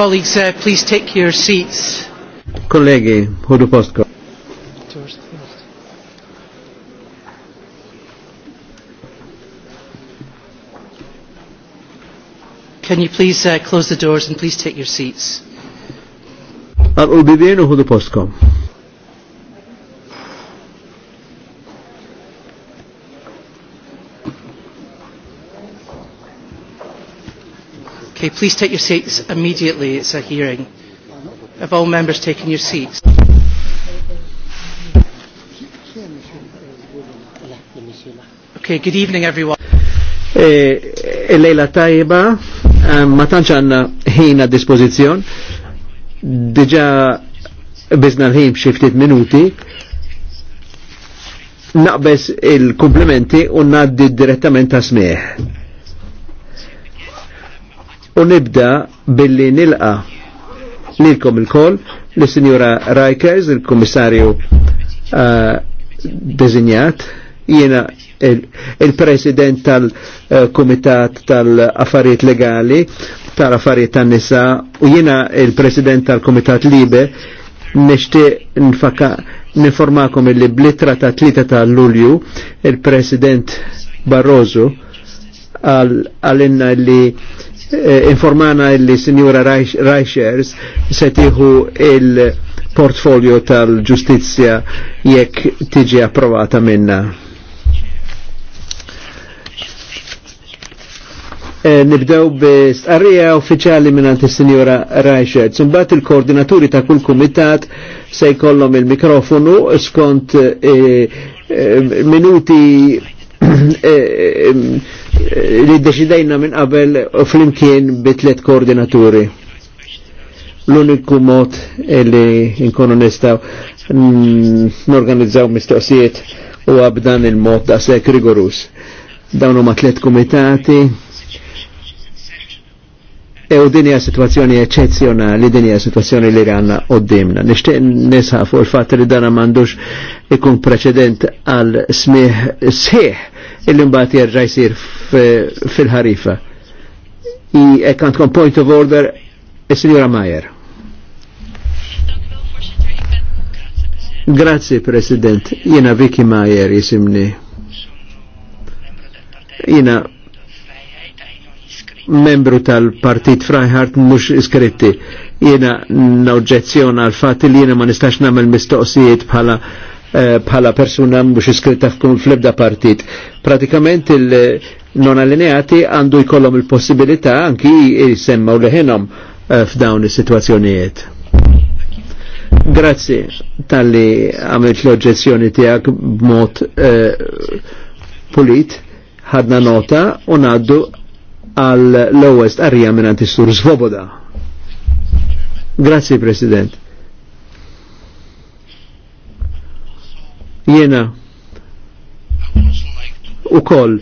Colleagues, uh, please take your seats. Kollegi, hudu postko. Can you please uh, close the doors and please take your seats? Al-ubibien u hudu postkom. Okay, please take your seats immediately. It's a hearing. Have all members taken your seats? Okay, good evening everyone. il eh, eh, Taiba, tajba, eh, ma tantx għandna ħin għad dispożizzjon. Diġà l-ħin b'xi minuti. Naqbes il-komplimenti u ngħaddi direttament ta' smieħ u nibda billi nilqa lilkom il-koll l-Sinjura Rikers, il-Komissarju uh, dezinjat, jiena il-President il tal-Komitat uh, tal-Affarijiet Legali, tal-Affarijiet tan-Nisa, u jiena il-President tal-Komitat Libe, nishti nfaka ninformakom illi blitra ta' 3 ta' Lulju il-President Barroso għal inna li Eh, informana li Signora Reichers se tieħu il-portfolio tal ġustizja jekk tiġi approvata minna. E, nibdew b'stqarrija uffiċjali minn is-Sinjora Reichert. Imbagħad il-koordinaturi ta' kull kumitat se jkollhom il-mikrofonu skont e, e, minuti Eh, eh, eh, li deċidajna minn qabel flimkien bitlet koordinaturi. L-uniku mod li nkunu nistaw n-organizzaw mistoqsijiet u għabdan il-mod da sek rigorus. Dawnu ma tlet komitati, E u dinja situazzjoni eccezjonali, dinja situazzjoni li għanna u dimna. Nishtiq nisa fuq il-fat li dana mandux ikun preċedent għal smih sħiħ il-imbat jirġa jisir fil-ħarifa. I ekantkom point of order, il-Signora Mayer. Grazie President, jena Vicky Mayer jisimni. Jena membru tal-partit Freihardt mux iskritti. Jena noġġezzjona għal fat li jena ma nistax namel mistoqsijiet bħala eh, bħala persuna mux iskritta f'kun fl-ebda partit. Pratikament il-non allineati għandu jkollhom il-possibilità anki jisemmaw leħenom eh, f'dawn is-sitwazzjonijiet. Grazzi tal-li għamilt l-oġġezzjoni tijak b'mod eh, pulit ħadna nota u naddu għal l-ewwest arrija minn antistur Svoboda. Grazie, President. Jena u koll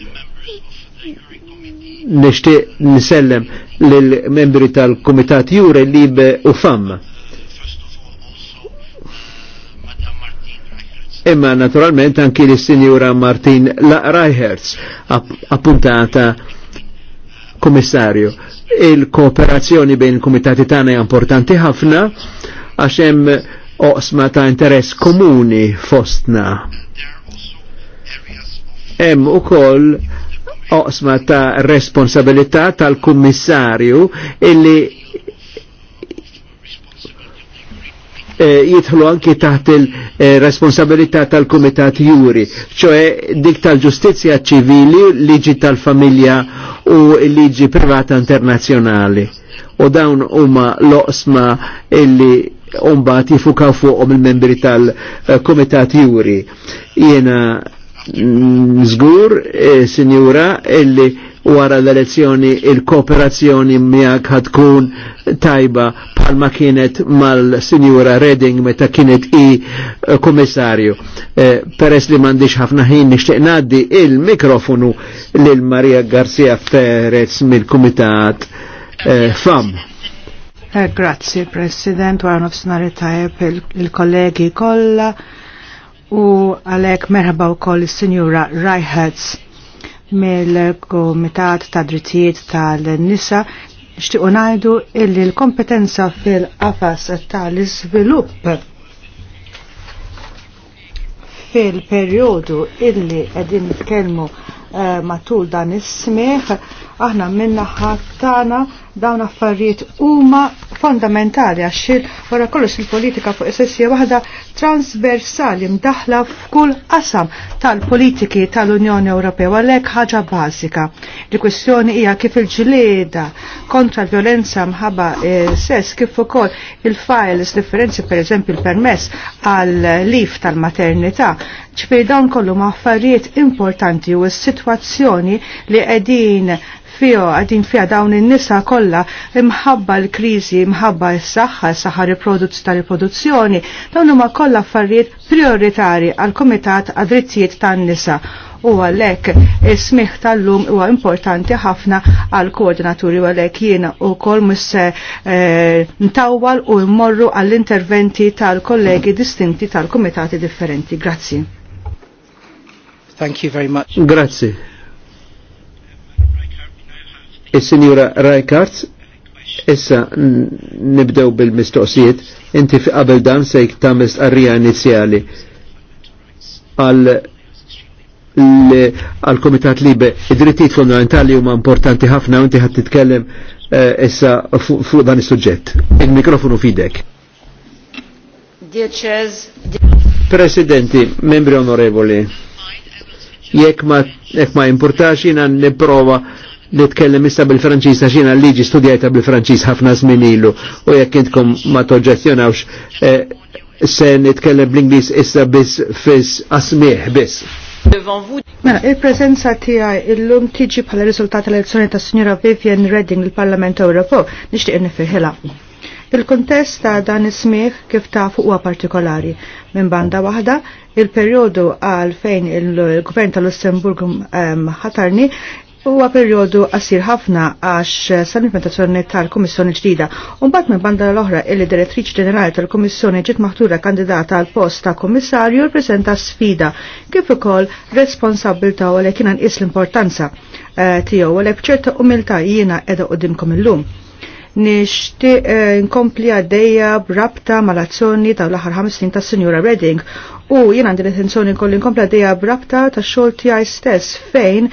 nishtiq nisellem l membri tal-Komitat Jure Libe u Fam. Imma naturalment anki l-Sinjura Martin Reichertz appuntata Komissarju, il-kooperazzjoni bejn il-komitati tagħna hija importanti ħafna għax hemm oqsma ta' interess komuni fostna. Hemm ukoll oqsma ta' responsabilità tal-kummissarju illi Eh, jidħlu anki taħt il-responsabilità tal komitat Juri, ċoe dik tal-ġustizja ċivili, liġi tal-familja u liġi privata internazjonali. U dawn huma loqsma illi umbat jifukaw fuqom il-membri tal-Kumitat Juri. Jena zgur, Signora, eh, sinjura, illi wara l-elezzjoni il-kooperazzjoni miak ħatkun tajba palma kienet mal-Sinjura Redding meta kienet i eh, komissarju. Eh, peress li mandiċ ħafna ħin nishtiq naddi il-mikrofonu lil Maria Garcia Ferez mill-Kumitat eh, FAM. grazie President, għan ufsnari tajab il-kollegi kolla u għalek merħba u koll il-Sinjura mill-Komitat ta' Drittijiet tal-Nisa Xtiqu ngħidu illi l-kompetenza fil-qafas tal-iżvilupp fil-perjodu illi qegħdin nitkellmu eh, matul dan is-smieħ aħna minna ħattana dawn affarijiet huma fondamentali għax wara kollox il-politika fuq essessija waħda transversali mdaħla f'kull qasam tal-politiki tal-Unjoni Ewropea għalhekk ħaġa bażika. Il-kwestjoni hija kif il-ġlieda kontra l-violenza mħabba eh, sess kif ukoll il-files differenzi pereżempju il-permess għal lif tal-maternità ċfej dawn kollu ma affarijiet importanti u s-sitwazzjoni li qegħdin fiju għadin fija dawn in-nisa kollha imħabba l-kriżi, imħabba s-saħħa, s-saħħa riproduzz tal-riproduzzjoni, dawn huma kollha affarijiet prioritari għal kumitat għad-drittijiet tan-nisa u għalek smiħ tal-lum u importanti ħafna għal koordinaturi u għalek jiena u kol mus e, eh, ntawwal u immorru għall-interventi tal-kollegi distinti tal-komitati differenti. Grazzi. Thank you very much. Grazzi il sinjura Rajkart, issa nibdew bil-mistoqsijiet, inti fi qabel dan se tagħmel arrija inizjali għal komitat libe id-drittijiet fondamentali huma importanti ħafna u inti ħadd titkellem eh, issa fuq dan is-suġġett. Il-mikrofonu fidek. Presidenti, membri onorevoli, jekk ma, jekk ma nipprova, jina niprofa li tkellem issa bil-Franċiż għax jiena liġi studjajta bil-Franċiż ħafna żmien ilu u jekk intkom ma toġġezzjonawx eh, se nitkellem bl-Ingliż issa biss fis asmieħ biss. Mela, il-prezenza tiegħi illum tiġi bħala riżultat tal-elezzjoni ta' Sinjora Vivian Redding il-Parlament Ewropew nixtieq nifirħilha. Il-kontest ta' dan is is-smieħ kif tafu huwa partikolari. Minn banda waħda, il-perjodu għal fejn il-Gvern tal-Lussemburg ehm, ħatarni Huwa perjodu qasir ħafna għax sal-implementazzjoni tal-Kummissjoni ġdida. Umbagħad minn banda l-oħra illi direttriċ ġenerali tal-Kummissjoni ġiet maħtura kandidata għal post ta' Kummissarju rpreżenta sfida kif ukoll responsabilta u għalhekk kien l-importanza eh, tiegħu għalhekk ċerta umiltà umilta jiena qiegħda qudiemkom illum nixtieq eh, nkompli għaddeja b'rabta mal-azzjoni tal-aħħar ħames snin tas-Sinjura Redding U jien għandi l-intenzjoni kolli nkompli għaddeja brabta ta' xogħol tiegħi stess fejn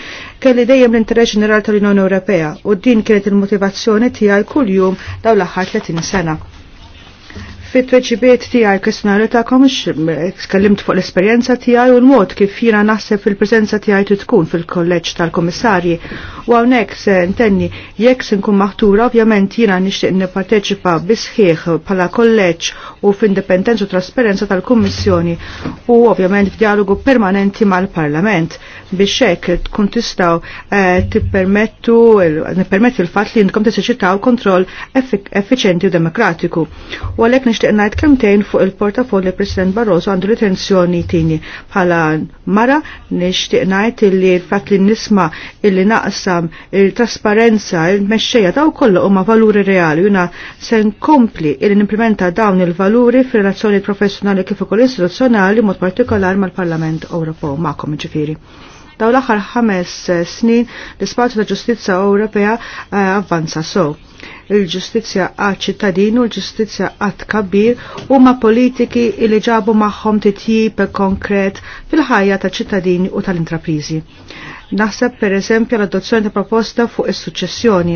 kelli dejjem l-interess ġenerali tal-Unjoni Ewropea u din kienet il-motivazzjoni tiegħi kuljum dawn l-aħħar 30 sena fit reċibiet tiegħi kisna li tagħkom tkellimt fuq l-esperjenza tiegħi u l-mod kif jina naħseb fil prezenza tiegħi trid tkun fil-kolleġġ tal-kummissarji. U hawnhekk se intenni jekk se nkun maħtura ovvjament jiena nixtieq nipparteċipa bisħiħ bħala kolleġġ u f'indipendenza u trasparenza tal-Kummissjoni u ovvjament f'dialogu permanenti mal-Parlament biex hekk tkun tistgħu eh, tippermettu permettu l-fatt li t-seċitaw kontroll effiċenti u demokratiku. U għalhekk nixtieq ngħid kemtejn fuq il-portafolli President Barroso għandu l-intenzjoni tini bħala mara nixtieq ngħid li l-fatt li nisma illi naqsam il-trasparenza, il-mexxejja daw u ma valuri reali juna se nkompli illi implementa dawn il-valuri fir-relazzjoni professjonali kif ukoll istituzzjonali mod partikolar mal-Parlament Ewropew magħkom ġifieri. Daw l-aħħar ħames eh, snin l-ispazju ta' Ġustizzja Ewropea eh, avvanza so. Il-ġustizja għad ċittadinu, il-ġustizja għad kabir u ma' politiki li ġabu maħħom titjib konkret fil-ħajja ta' ċittadini u tal-intraprizi. Naħseb per eżempju l-adozzjoni ta' proposta fuq is-suċċessjoni.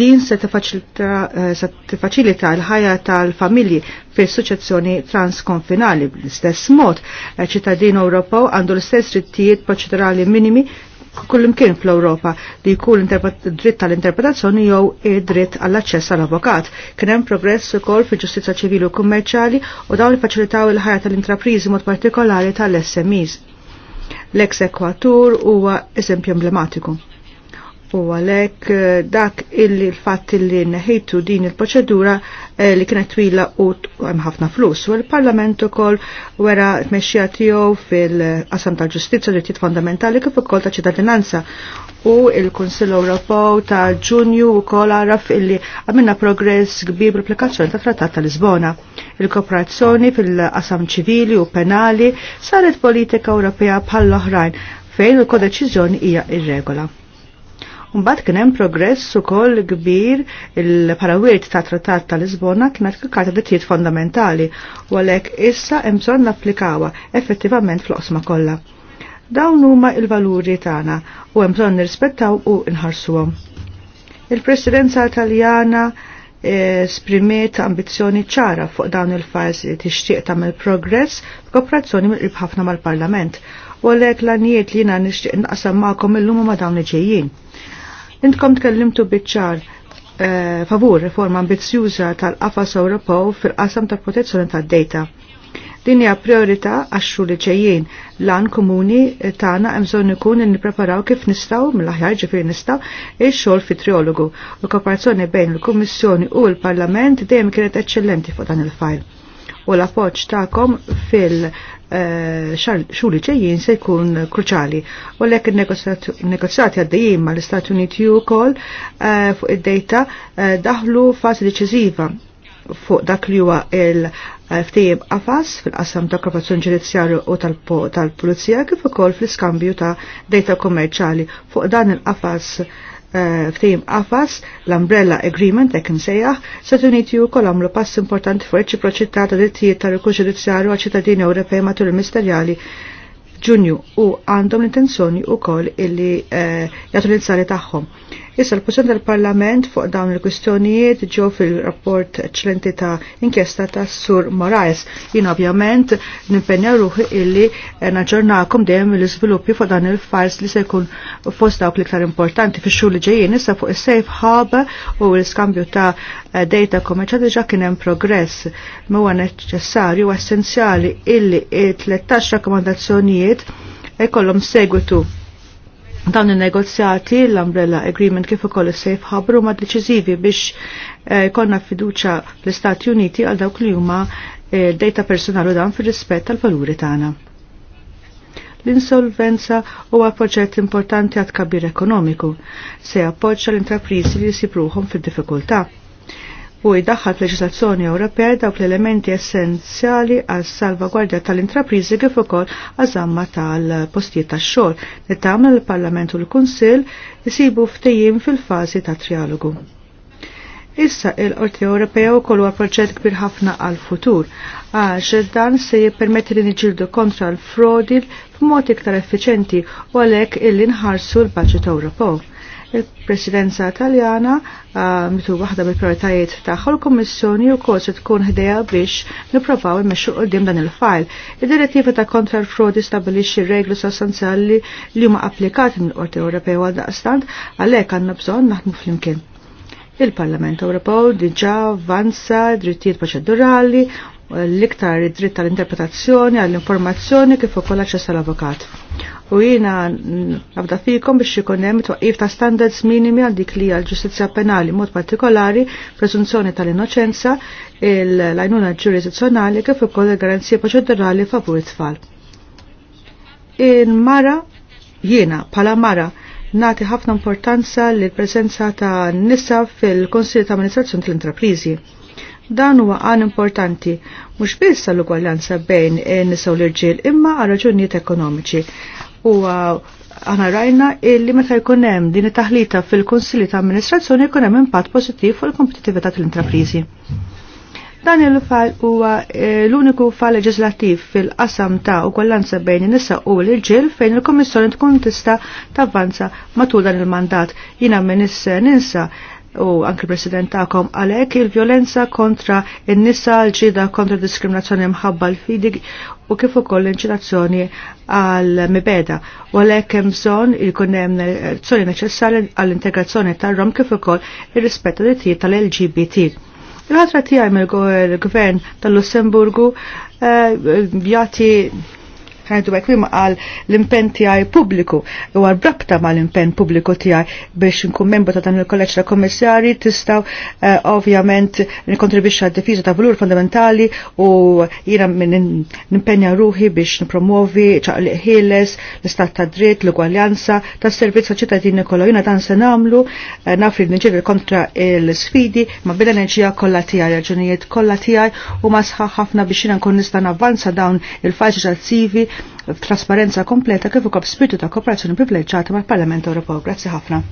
Din eh, se tifaċilita l-ħajja tal-familji fis suċċessjoni transkonfinali. Bl-istess mod, ċittadin Ewropew għandu l-istess rittijiet proċedurali minimi kullimkien fl-Europa li jkun dritt tal-interpretazzjoni jew id dritt għall-aċċess għall-avokat. Kien hemm progress ukoll fil-ġustizza ċivili u kummerċjali u dawn faċilitaw il-ħajja tal-intrapriżi mod partikolari tal-SMEs. L-eksekwatur huwa eżempju emblematiku. U għalek eh, dak illi l-fatt illi neħitu din il-proċedura eh, li kienet twila u hemm ħafna flus. U l-Parlament ukoll wera tmexxija tiegħu fil assam tal-ġustizzja drittijiet fondamentali kif ukoll ta' ċittadinanza u il-Kunsill Ewropew ta' Ġunju wkoll għaraf illi għamilna progress kbir bl-applikazzjoni ta' Trattat ta' Lisbona. Il-kooperazzjoni fil-qasam ċivili u penali saret politika Ewropea bħall-oħrajn fejn il-kodeċiżjoni hija ir-regola. Mbagħad kien hemm progress ukoll kbir il-parawiet ta' Trattat ta' Lisbona kienet kkarta dittijiet fondamentali u għalhekk issa hemm bżonn napplikawha effettivament fl-qosma kollha. Dawn huma il-valuri tagħna u hemm bżonn nirrispettaw u nħarsuhom. Il-Presidenza Taljana esprimiet eh, ambizzjoni ċara fuq dawn il-files li tixtieq tagħmel progress f'kooperazzjoni mill ħafna mal-Parlament u għalhekk l-għanijiet li jiena nixtieq naqsam magħkom illum ma' dawn ġejjin. Intkom tkellimtu biċ-ċar eh, favur riforma ambizzjuża tal-qafas Ewropew fil-qasam tal-protezzjoni tad-data Din hija priorità għax-xhur li ġejjin. Lan komuni tagħna hemm bżonn ikun li nippreparaw kif nistgħu mill-aħjar ġifier nistgħu ix-xogħol fi triologu. U kooperazzjoni bejn il-Kummissjoni u l-Parlament dejjem kienet eċċellenti fuq dan il-fajl u l appoġġ tagħkom fil- eh, li ċejjin se jkun kruċali. U l-ek negozjati għaddejjim mal-Istati Uniti u kol eh, fuq id-dejta eh, daħlu fazi deċiziva fuq dak li huwa il ftejim qafas fil-qasam ta' korporazzjoni ġudizzjarju u tal-pulizija kif ukoll fl-iskambju ta' data kommerċali fuq dan il-qafas eh, ftejim qafas l-Umbrella Agreement hekk insejjaħ, Stati Uniti wkoll għamlu pass importanti fuq reċiproċità ta' drittijiet tal-rikux ġudizzjarju għal ċittadini Ewropej matul il-misterjali ġunju u għandhom l-intenzjoni u koll illi eh, jgħatu l-inzali taħħom. Issa l-President tal-Parlament fuq dawn il-kwistjonijiet ġew fil-rapport eċċellenti ta' inkjesta ta' Sur Moraes. Jien ovvjament nimpenja ruħi illi naġġornakom dejjem l-iżviluppi fuq dan il-fajs li se jkun fost dawk l-iktar importanti fix-xhur li ġejjin issa fuq is-safe hub u l-iskambju ta' data kommerċjali diġà kien hemm progress. Ma Huwa neċessarju u essenzjali illi t 13 rakkomandazzjonijiet ikollhom segwitu dawn il-negozjati l-Umbrella Agreement kif ukoll is-Safe Harbor huma deċiżivi biex eh, konna fiduċa l-Istati Uniti għal dawk li huma eh, data personali dan fir-rispett tal-valuri tagħna. L-insolvenza huwa proġett importanti għat kabir ekonomiku se jappoġġa l-intrapriżi li jsibruhom fid-diffikultà u jdaħħal fl-leġislazzjoni Ewropea dawk l-elementi essenzjali għas salvagwardja tal-intrapriżi kif ukoll għażamma tal-postijiet tax-xogħol li tagħmel il-Parlament u l-Kunsill isibu ftehim fil-fażi ta' trialogu. Issa il-Qorti Ewropea wkoll huwa proġett kbir ħafna għal futur għax dan se jippermetti li niġildu kontra l-frodi b'mod iktar effiċenti u għalhekk illi nħarsu l-Baġit Ewropew il-Presidenza Taljana uh, mitu waħda bil-prioritajiet tagħha l-Kummissjoni wkoll se tkun ħdejja biex nipprovaw immexxu qudiem dan il-fajl. Id-direttiva ta' kontra l-frodi stabilixxi-reglu sostanzjali li huma applikati mill-Qorti Ewropea għal daqstant għalhekk għandna bżonn naħdmu flimkien. Il-Parlament Ewropew diġà vanza drittijiet proċedurali l-iktar id-dritt tal-interpretazzjoni, għall-informazzjoni kif ukoll aċċess għall-avukat. U jiena nabda fikom biex ikun hemm twaqqif ta' standards minimi għal dik li għall-ġustizzja penali mod partikolari, presunzjoni tal-innoċenza, l-għajnuna ġurisdizzjonali kif ukoll il-garanzija proċedurali favur it-tfal. In mara jiena pala mara nati ħafna importanza l presenza ta' nisa fil-Konsil ta' Amministrazzjoni tal-Intraprizi Dan huwa għan importanti, mhux biss għall-ugwaljanza bejn nisa l-irġiel imma għal raġunijiet ekonomiċi. U aħna rajna illi meta jkun hemm din it-taħlita fil-Kunsilli ta' Amministrazzjoni jkun hemm impatt pożittiv fuq il-kompetitività tal-intrapriżi. Dan il-fall huwa eh, l-uniku fall leġislattiv fil-qasam ta' ugwaljanza bejn in-nisa u l-irġiel fejn il-Kommissjoni tkun tista' tavvanza matul dan il-mandat. Jiena minn ninsa u anki president ta'kom għalek il-violenza kontra il-nisa l-ġida kontra diskriminazzjoni mħabba l-fidi u kif ukoll l-inċinazzjoni għal-mibeda u għalek bżon il-kunem azzjoni neċessarja għall-integrazzjoni tal-rom kif ukoll il-rispetta li tal-LGBT. Il-ħatra tiegħi mill-gvern tal-Lussemburgu eh, jagħti ħajdu għek vim għal l-impen tijaj publiku u għal brabta ma l-impen publiku tijaj biex nkun membru ta' dan il-kolleċ ta' kommissari tistaw uh, eh, ovvjament nikontribisċa għad difiża ta' valur fundamentali u jina n-impenja ruħi biex nipromovi ċaqliq ħieles, l-istat ta' dritt, l-ugwaljanza, ta' servizz ta' ċittadini kollu. Jina dan se namlu, uh, eh, nafri nġirri kontra l-sfidi ma bil-enerġija kollha tiegħi, raġunijiet kollha tiegħi u ma sħaħ ħafna biex jina nkun nista' navvanza dawn il-faċi tal trasparenza kompleta kif ukoll spiritu ta' kooperazzjoni privileġġjata mal-Parlament Ewropew. Grazzi ħafna.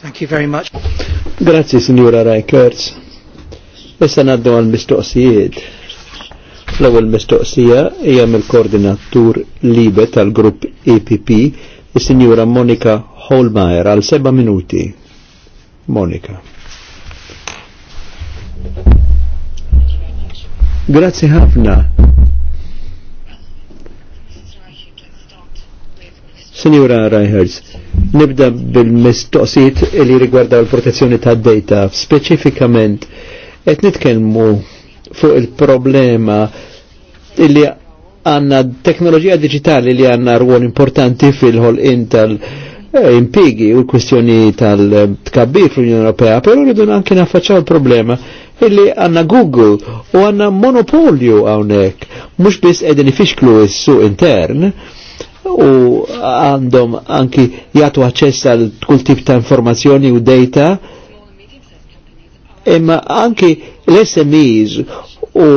Thank you very much. Grazzi, Signora Rajkers. Issa naddu għal-mistoqsijiet. L-ewwel mistoqsija hija mill-koordinatur libe tal-grupp EPP, is-Sinjura Monika Holmeyer għal seba' minuti. Monika. Grazzi ħafna. Signora Reihers, nibda bil-mistoqsijiet li rigwarda l-protezzjoni ta' data, specifikament qed nitkellmu fuq il-problema li għanna teknoloġija digitali li għanna rwol importanti fil ħol tal-impigi u l-kwistjoni tal tkabbi fl-Unjoni Ewropea, pero rridu anke naffaċċaw il-problema illi għanna Google u għanna monopolju għawnek, mux bis edin ifixklu s-su intern u għandhom anki jgħatu għacċess għal kull tip ta' informazzjoni u data imma anki l-SMEs u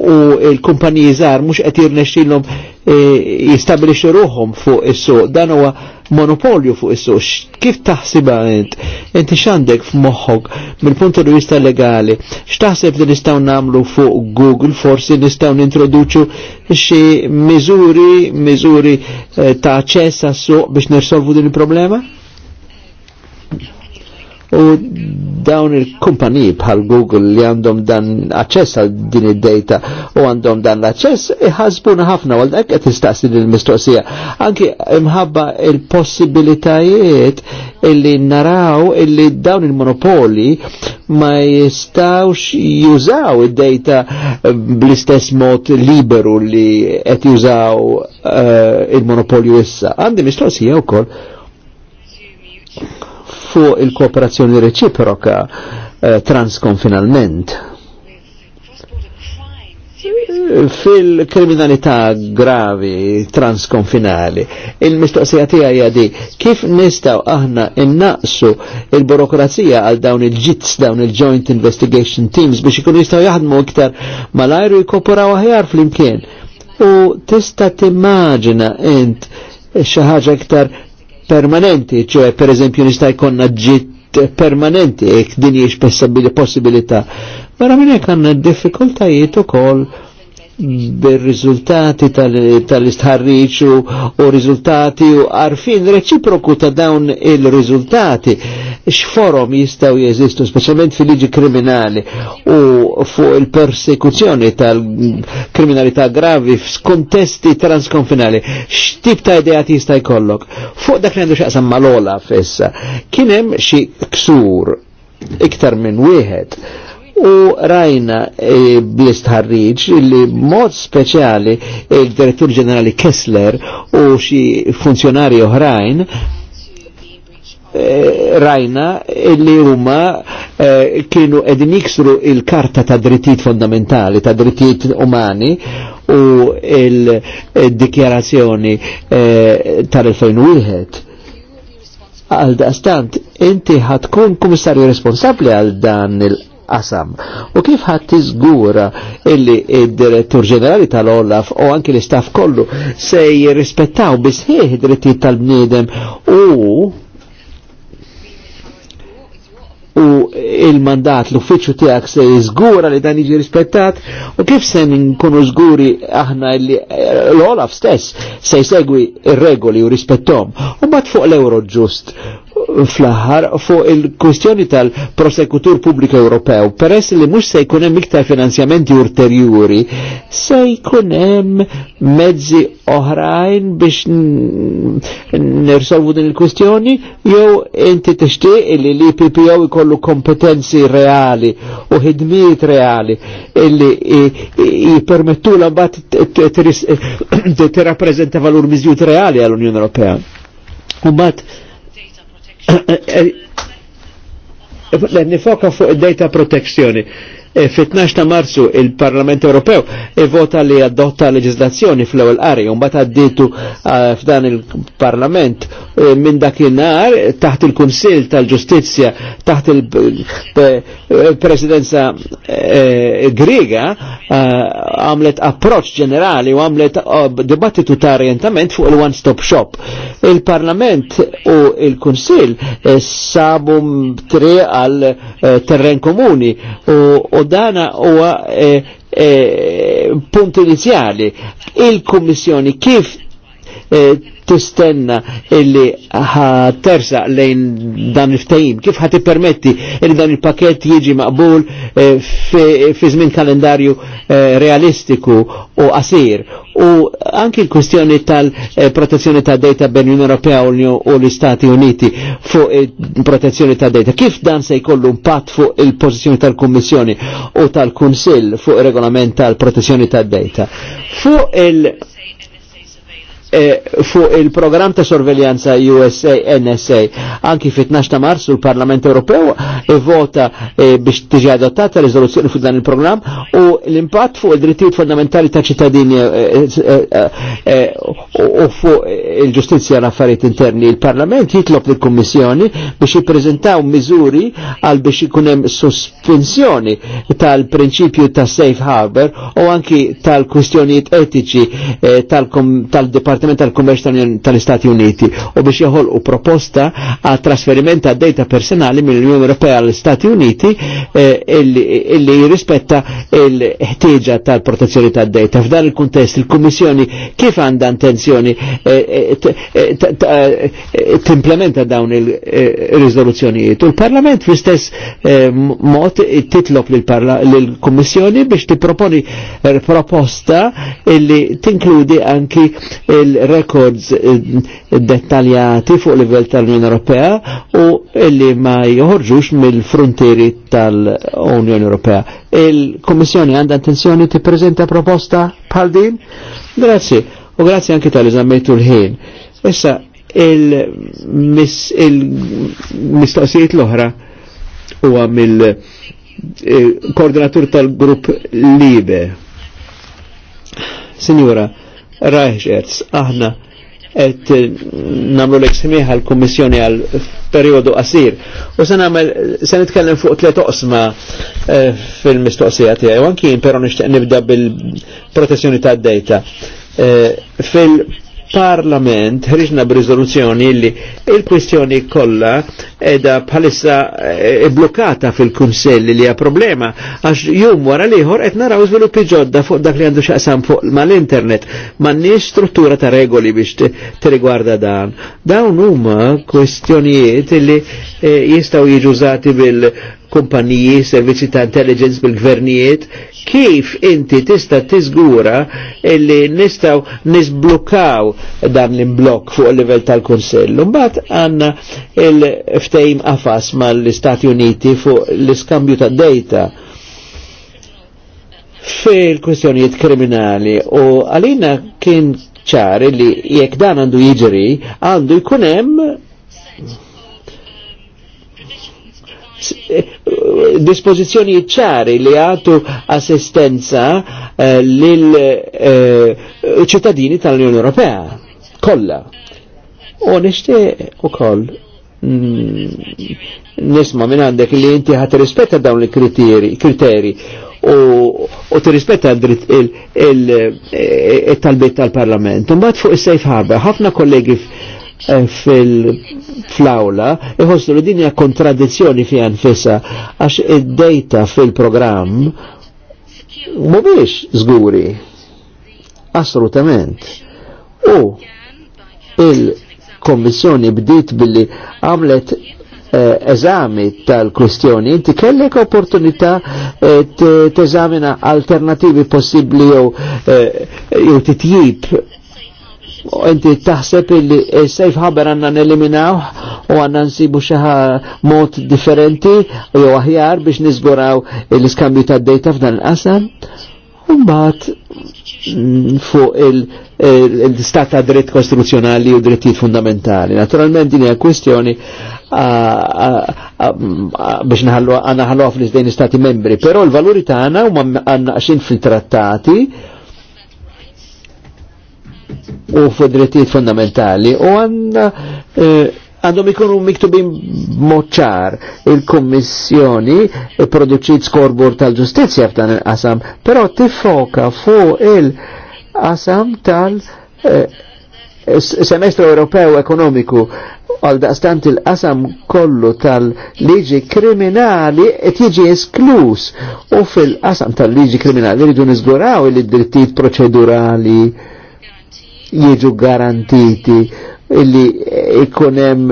u l-kumpaniji żgħar mhux qed jirnexxilhom e, jistabilixxu ruhom fuq is-suq. Dan huwa monopolju fuq is-suq. Kif taħsibha int? Inti x'għandek f'moħħok mill-punt di vista legali? X'taħseb li nistgħu nagħmlu fuq Google forsi nistgħu nintroduċu xi miżuri miżuri e, ta' ċess għas-suq biex nirsolvu din il-problema? U dawn il-kumpaniji bħal Google li għandhom dan access għal din id-data u għandhom dan l-aċċess iħasbuna ħafna għal dak qed tistaqsi din il-mistoqsija. Anki imħabba il-possibilitajiet illi naraw illi dawn il-monopoli ma jistawx jużaw id-data eh, bl-istess mod liberu li qed jużaw uh, il-monopolju issa. Għandi mistoqsija wkoll fuq il-kooperazzjoni reċiproka eh, transkonfinalment. Fil-kriminalità gravi transkonfinali, il-mistoqsija tiegħi jadi kif nistgħu aħna innaqsu il-burokrazija għal dawn il ġits dawn il-joint investigation teams biex ikunu jistgħu jaħdmu iktar malajru jkoporaw aħjar fl-imkien. U tista' timmaġina int xi ħaġa iktar permanenti, ċoħe per eżempju nista' jkonna ġit permanenti, ek din jiex possibilità. Mara minn hekk għandna diffikultajiet ukoll bil-rizultati tal-istħarriċ u rizultati u għarfin reċiproku ta' dawn il-rizultati x'forom jistaw jeżistu specialment fil-liġi kriminali u fuq il persekuzjoni tal-kriminalità gravi f'kontesti transkonfinali x'tip ta' ideat jista' jkollok fuq dak li għandu x'aqsam mal-ola fissa kien hemm xi ksur iktar minn wieħed u rajna e, blist ħarriġ li mod speċjali il-direttur ġenerali Kessler u xi funzjonari oħrajn e, rajna li huma e, kienu edin jiksru il-karta ta' drittijiet fondamentali, ta' drittijiet umani u il-dikjarazzjoni tal-2001. Għal-dastant, inti ħatkun komissarju responsabli għal dan il- qasam. U kif ħadd tiżgura illi id-direttur ġenerali tal-Olaf u anki l-istaff kollu se jirrispettaw bisħieħ id-drittijiet tal-bniedem u u il-mandat l-uffiċċju tiegħek se jizgura li dan jiġi rispettat u kif se nkunu zguri aħna li eh, l-Olaf stess se jsegwi il regoli u rispettom u mbagħad fuq l-euro ġust fl ħar fuq il-kwestjoni tal-prosekutur pubbliku Ewropew. Peress li mux se jkun hemm iktar finanzjamenti ulterjuri, se jkun mezzi oħrajn biex nirsolvu din il-kwestjoni jew inti t-ixti illi li PPO jkollu kompetenzi reali u ħidmijiet reali illi jipermettu jipermettula t-rappresenta valur mizjut reali għall-Unjoni Ewropea. U mbagħad nifoka fuq data protezzjoni. E Fit-12 ta' marzu il-Parlament Ewropew vota li adotta leġislazzjoni fl-ewwel qari u mbagħad għaddietu f'dan il-Parlament e, minn dakinhar taħt il-Kunsill tal-Ġustizzja taħt il-Presidenza e, e, Griega għamlet approċ ġenerali u għamlet dibattitu ta' orientament fuq il-one stop shop. Il-Parlament u il-Kunsill sabu tri għal terren komuni u u dana huwa eh, eh, punt inizjali. Il-Kummissjoni kif eh, tistenna illi tersa lejn dan il-ftajim? Kif ħat permetti illi dan il-pakett jiġi maqbul eh, fi żmien kalendarju eh, realistiku u qasir? U anki l-kwestjoni tal-protezzjoni ta' data bejn l-Unjoni u l-Istati Uniti fuq protezzjoni ta' data. Kif dan se jkollu impatt fuq il-pożizzjoni tal-Kummissjoni u tal-Kunsill fuq il-regolament tal-protezzjoni ta' data? Fuq il- Eh, fuq il-programm ta' sorveljanza USA NSA. Anki fit-12 ta' marzu l-Parlament Ewropew e vota eh, biex tiġi adottata riżoluzzjoni fuq dan il-programm u l-impatt fuq id drittijiet fondamentali ta' ċittadini eh, u fuq il-ġustizja l affarijiet interni. Il-Parlament jitlob lill-Kummissjoni biex jippreżentaw miżuri għal biex ikun hemm sospensjoni tal-prinċipju ta' safe harbor u anki tal-kwistjonijiet etiċi tal-Dipartiment Dipartiment tal-Kummerċ tal-Istati Uniti u biex u proposta għal trasferiment ta' data personali mill-Unjoni Ewropea għall-Istati Uniti eh, illi jirrispetta il-ħtieġa tal-protezzjoni ta' data. F'dan il-kuntest il-Kummissjoni kif għandha intenzjoni eh, eh, t-implementa dawn il-riżoluzzjonijiet. U l-Parlament fl-istess mod titlob l kummissjoni biex ti proposta illi tinkludi anki il il-records eh, dettaljati fuq livell tal-Unjoni Ewropea u illi ma joħorġux mill-frontieri tal-Unjoni Ewropea. Il-Kommissjoni għandha intenzjoni prezenta proposta bħal din? Grazzi, u grazzi anke tal-eżammejtu l-ħin. Issa il-mistoqsijiet il mistoqsijiet l oħra huwa mill-koordinatur eh, tal-grupp Libe. Signora, Reichertz, aħna et eh, namlu l smiħa l-Kommissjoni għal periodu qasir. U se nagħmel se nitkellem fuq tliet oqsma eh, fil-mistoqsija tiegħi, u anki però nixtieq nibda bil-protezzjoni tad-dejta. Eh, fil- parlament ħriġna b'riżoluzzjoni li il kwistjoni kollha edha bħalissa e eh, blokkata fil-Kunsell li hija problema għax jum wara liħor qed naraw żviluppi ġodda fuq dak li għandu xaqsam fuq mal-internet m'għandniex struttura ta' regoli biex tirigwarda dan. Dawn huma kwestjonijiet li eh, jistgħu jiġu bil-kumpaniji, servizzi ta' intelligence bil-gvernijiet kif inti tista tizgura illi nistaw nisblukaw dan l-imblok fuq il-level tal-Kunsell. Mbagħad għanna il-ftejm qafas mal-Istati Uniti fuq l-iskambju ta' data fil-kwestjonijiet kriminali u għalina kien ċar li jekk dan għandu jiġri għandu jkunem dispożizzjoni ċari li għatu assistenza eh, lil eh, ċittadini tal-Unjoni Ewropea kollha. U u koll mm, nisma minn għandek li inti ħat rispetta dawn il-kriteri u t-rispetta il-talbiet eh, tal-parlament. Mbagħad fuq il safe harbor, ħafna kollegi Eh, fil-flawla, iħossu li dinja kontradizzjoni fi nfissa, għax id-dejta fil-programm mubiex zguri, assolutament. U il-kommissjoni bdiet billi għamlet eh, eżami tal-kwistjoni, inti kellek opportunità eh, teżamina alternativi possibli jew titjib inti taħseb illi sejf ħaber għanna neliminaw u għanna nsibu xaħa mod differenti u jew aħjar biex nizguraw l-iskambju ta' data f'dan l qasam Umbat mm, fuq il-stat ta' dritt kostituzzjonali u drittijiet fundamentali. Naturalment din hija kwestjoni biex naħallu għana ħallu istati membri, però l-valuri ta' għana u għanna xin fil-trattati u fid fundamentali u għanna eh, għandhom eh, ikunu miktubin moċar il-Kommissjoni produċit skorbur tal-ġustizja f'dan il-qasam, però tifoka fuq il-qasam tal-semestru eh, Ewropew ekonomiku għal daqstant il-qasam kollu tal-liġi kriminali et jiġi esklus u fil-qasam tal-liġi kriminali rridu niżguraw il-drittijiet proċedurali jiġu garantiti illi ikunem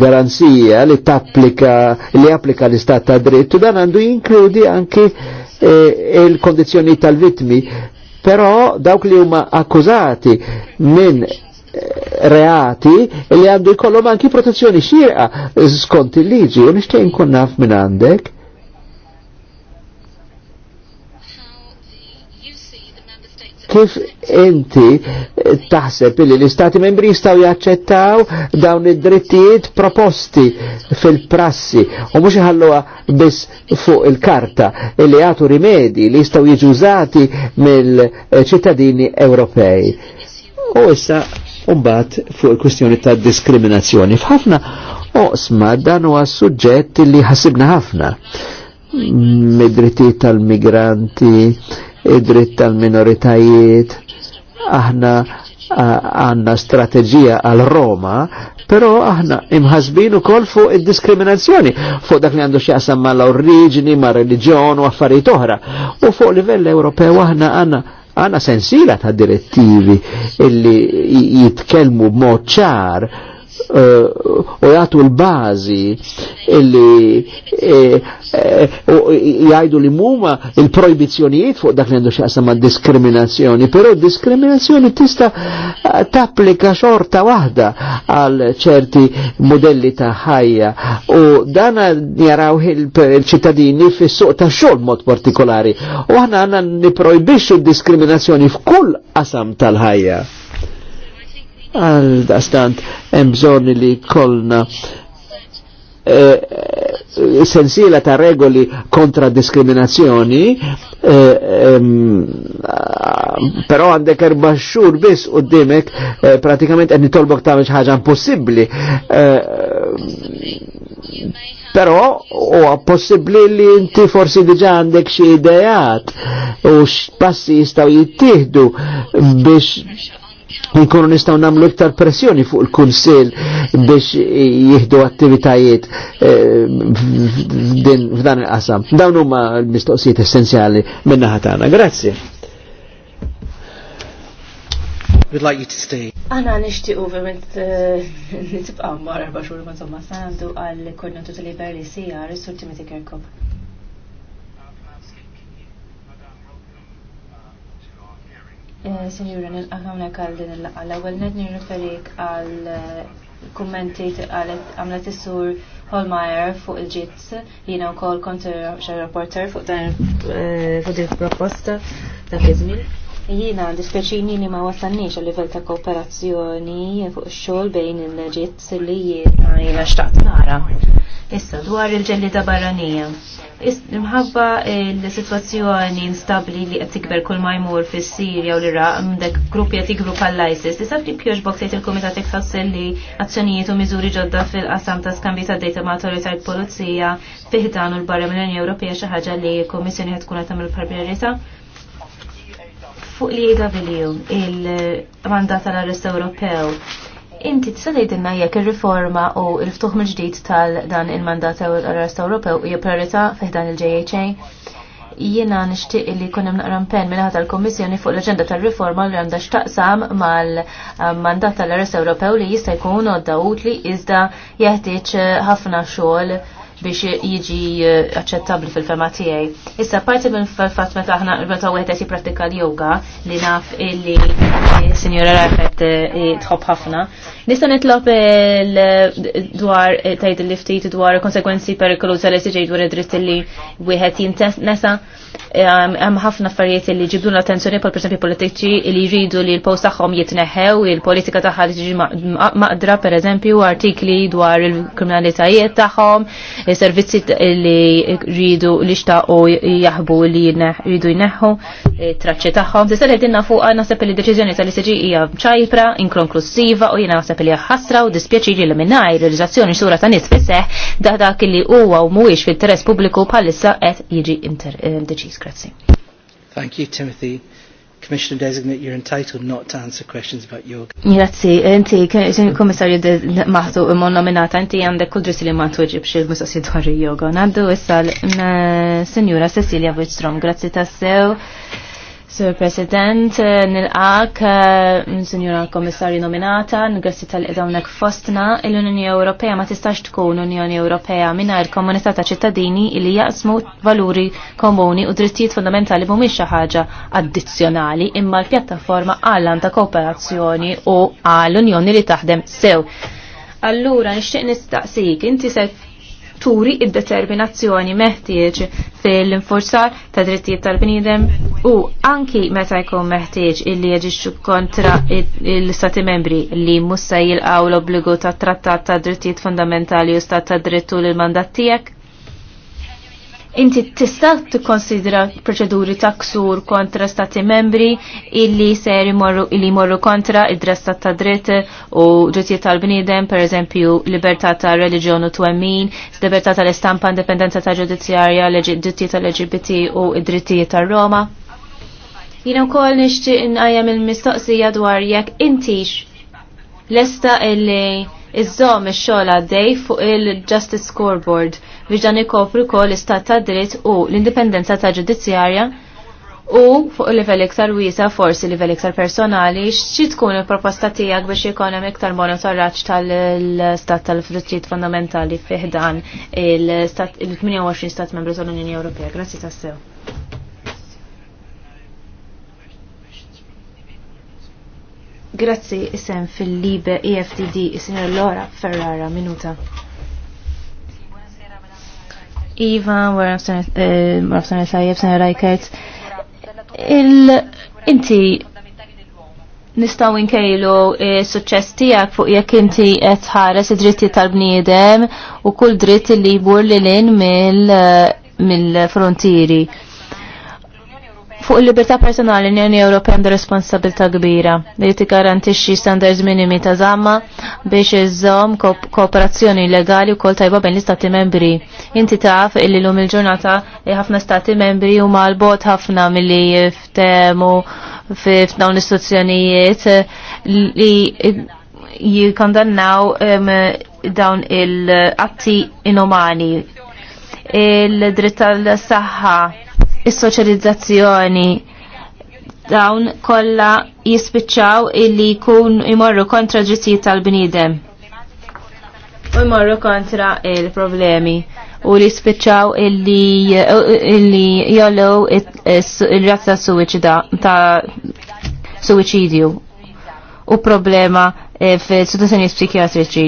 garanzija li tapplika li applika l-istat ta' drittu dan għandu jinkludi anki eh, il-kondizjoni tal-vitmi però dawk li huma akkużati minn eh, reati li għandu jkollhom anki protezzjoni xieqa skont il-liġi u nixtieq nkun naf minn għandek Kif inti taħseb li l-Istati membri jistaw jaċċettaw dawn id-drittijiet proposti fil-prassi u mhux iħalluha biss fuq il-karta li għatu rimedi li jistaw jiġu użati mill-ċittadini Ewropej. U issa Umbat fuq il kwistjoni ta' diskriminazzjoni. F'ħafna oqsma dan huwa suġġett li ħasibna ħafna. Mid-drittijiet tal-migranti, id-dritt tal-minoritajiet, aħna għanna strategija għal Roma, pero aħna imħasbin ukoll fuq id-diskriminazzjoni, fuq dak li għandu xjaqsam ma l-origini, ma religjon u affarijiet oħra. U fuq livell Ewropew aħna għanna għanna sensila ta' direttivi illi jitkelmu b'mod ċar Eh, u jgħatu l-bazi illi eh, eh, jgħajdu li muma il-projbizjonijiet fuq dak li għandu xaqsa ma' diskriminazzjoni, pero diskriminazzjoni tista tapplika xorta wahda għal ċerti modelli ta' ħajja u dana jaraw il-ċittadini fissuq ta' xol mod partikolari u għana għana niprojbixu diskriminazzjoni f'kull qasam tal-ħajja. Għal dastant bżonn li kolna eh, eh, sensila ta' regoli kontra diskriminazzjoni, Pero eh, ah, però għandek erba' xhur biss qudiemek pratikament qed nitolbok tagħmel xi ħaġa impossibbli. Però huwa possibbli li inti forsi diġa għandek xi ideat u x'passi jistgħu jittieħdu biex nkunu nistgħu nagħmlu iktar pressjoni fuq il kunsil biex jieħdu attivitajiet eh, f'dan il-qasam. Dawn huma l-mistoqsijiet essenzjali min-naħa tagħna. Grazzi. We'd like you to stay. Għana nishti u verment eh, nitibqaw marra baxur ma tomma sandu għal-koordinatu tal-Iber li sijar, s-sur Eh, Sinjura, nil-għamna għal din il-laqqa. L-għawel ned nirreferik għal eh, kummenti għalet għamlet is-sur Holmeyer fuq il-ġitz, jina u kol kont eh, reporter fuq dan fuq il-proposta ta' kizmin. Jina dispjaċini li ma wasalniex għal livell ta' kooperazzjoni fuq xogħol bejn il-ġitz li jina xtaqt nara. Issa dwar il-ġelli ta' barranija. Imħabba l-situazzjoni instabli li qed tikber kull ma jmur fis-Sirja u l-Iraq m'dek gruppi qed jikbru bħall-ISIS. Isab li pjoġ boksejt il-Kumitat ikfassel li azzjonijiet u miżuri ġodda fil-qasam ta' skambi ta' dejta ma' autorità l-Polizija fiħdan u l-barra mill-Unjoni Ewropea xi ħaġa li l-Kummissjoni qed tkun qed tagħmel Fuq li jgħidha il-mandat tal-Arrest Ewropew Inti tista' tgħidilna jekk ir-riforma u l-ftuħ mill-ġdid tal dan il-mandat l arrest Ewropew hija priorità fih dan il-JHA jiena nixtieq li jkun hemm naqra pen minħat tal komissjoni fuq l-aġenda tal riforma li għandha x'taqsam mal-mandat tal-Arrest Ewropew li jista' jkun għodda utli iżda jeħtieġ ħafna xogħol biex jiġi eh, aċċettabbli fil-fema tiegħi. Issa parti minn fil-fat meta ħna meta wieħed għetessi jipprattika l-yoga li naf illi eh, Sinjora Rafet eh, tħobb ħafna. Nista' nitlob dwar tajt il-liftit dwar konsekwenzi perikoluża li siġej dwar id-dritt li wieħed jintesa hemm ħafna affarijiet li ġibdu l-attenzjoni pal pereżempju politiċi li jridu li l-post tagħhom jitneħħew, il-politika tagħha tiġi maqdra pereżempju artikli dwar il-kriminalitajiet tagħhom, servizzi li rridu li xtaqo jaħbu li rridu jneħħu eh, traċċi tagħhom. Tista' tgħidilna fuqa naħseb li deċiżjoni tal-ISG hija ċajpra, inkonklusiva u jiena naħseb li ħasra u dispjaċiri li minnaj realizzazzjoni xura ta' nies fiseħ da dak li huwa u mhuwiex fil-interess pubbliku bħalissa qed jiġi eh, deċiż. Grazzi. Thank you, Timothy. Commissioner Designate, you're entitled not to answer questions about yoga. Grazzi, inti, komissarju maħtu imon nominata, inti għandek kull li maħtu ġibx il yoga. Naddu issa l Cecilia Wittstrom, grazzi tassew. sew. Sir President, nil-għak, eh, Sinjura Komissari nominata, n-għassi tal-edawnek fostna, l-Unjoni Ewropea ma tistax tkun Unjoni Ewropea il komunità ta' ċittadini li jaqsmu valuri komuni u drittijiet fundamentali mumiex xi ħaġa addizzjonali imma l-pjattaforma għallan ta' kooperazzjoni u għall-Unjoni li taħdem sew. Allura, nixtieq nistaqsik, inti se turi id-determinazzjoni meħtieġ fil-infurzar ta' drittijiet tal-bniedem u anki meta jkun meħtieġ illi jeġixxu kontra l-Stati membri li mussa jilqaw l-obbligu ta' trattat ta' drittijiet fundamentali u stat ta' drittu l-mandat tiegħek Inti tista' tikkonsidra proċeduri ta' ksur kontra stati membri illi ser morru, illi jmorru kontra id-dressa ta' dritt u ġittijiet tal-bniedem, per eżempju, libertà ta' reliġjon u twemmin, libertà tal-istampa, indipendenza ta' ġudizzjarja, drittijiet tal-LGBT u id-drittijiet tar-Roma. Jina nishti nixtieq inqajjem il-mistoqsija dwar jekk intix lesta illi iżżomm ix-xogħol għaddej fuq il-Justice Scoreboard biex dan ikopri kol l-istat ta' dritt u l-indipendenza ta' ġudizzjarja u fuq livell iktar wiesa forsi livell iktar personali xi tkun il-proposta tiegħek biex ikun hemm iktar monitoraġġ tal-istat tal-frittijiet fondamentali fih dan il-28 stat membru tal-Unjoni Ewropea. Grazzi tassew. Grazzi isem fil-libe EFTD is Laura Ferrara minuta. Iva, eh, wara f'sena sajjeb, sena rajkert. Inti nistaw inkejlu eh, suċċess tiegħek fuq jekk inti qed tħares id-dritti tal-bniedem u kull dritt li jbur in eh, mill-frontieri. Mil Fuq il-libertà personali l-Unjoni Ewropea għandha responsabilità kbira li tigarantixxi standards minimi ta' żamma biex iżżomm kooperazzjoni legali wkoll tajba bejn l-istati membri. Inti taf illi lum il-ġurnata li ħafna stati membri huma l bot ħafna milli jiftemu f'dawn l-istituzzjonijiet li jikondannaw dawn il-atti inumani il-dritt tal-saħħa is-soċjalizzazzjoni dawn kollha jispiċċaw illi kun imorru kontra ġittijiet tal-bniedem. U jmorru kontra il-problemi u li spiċċaw illi illi jollow il-razza suwiċida ta' suwiċidju u problema eh, fil-situazzjoni psikjatriċi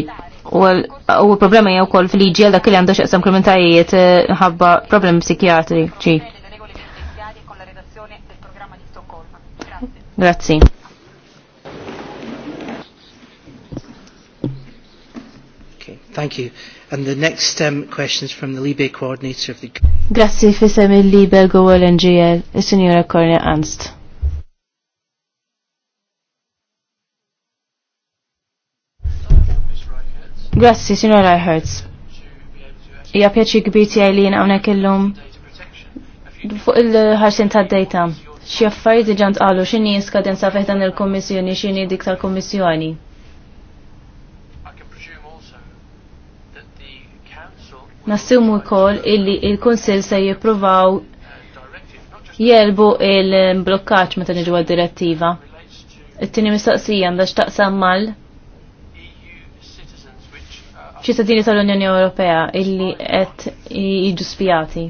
u problema jew kol fil-liġi għal dak li għandu xaqsam krimentajiet eh, ħabba problemi psikjatriċi. Grazie. thank you. And the next um, question is from the Libe coordinator of the... Grazie, Fisem il-Libe Gowal NGL, il-Signora Cornel Anst. Grazie, Signora Hertz. Ija pjaċi kbir tiegħi li jien hawnhekk illum fuq il xi affarijiet diġà ntqalu x'inhi skadenza fih dan il-Kummissjoni x'inhi dik tal-Kummissjoni. Nassumu wkoll illi il-Kunsill se jippruvaw uh, jelbu il-blokkaġġ meta niġu għad-direttiva. It-tieni mistaqsija għandha x'taqsam mal e ċittadini tal-Unjoni Ewropea illi qed jiġu spjati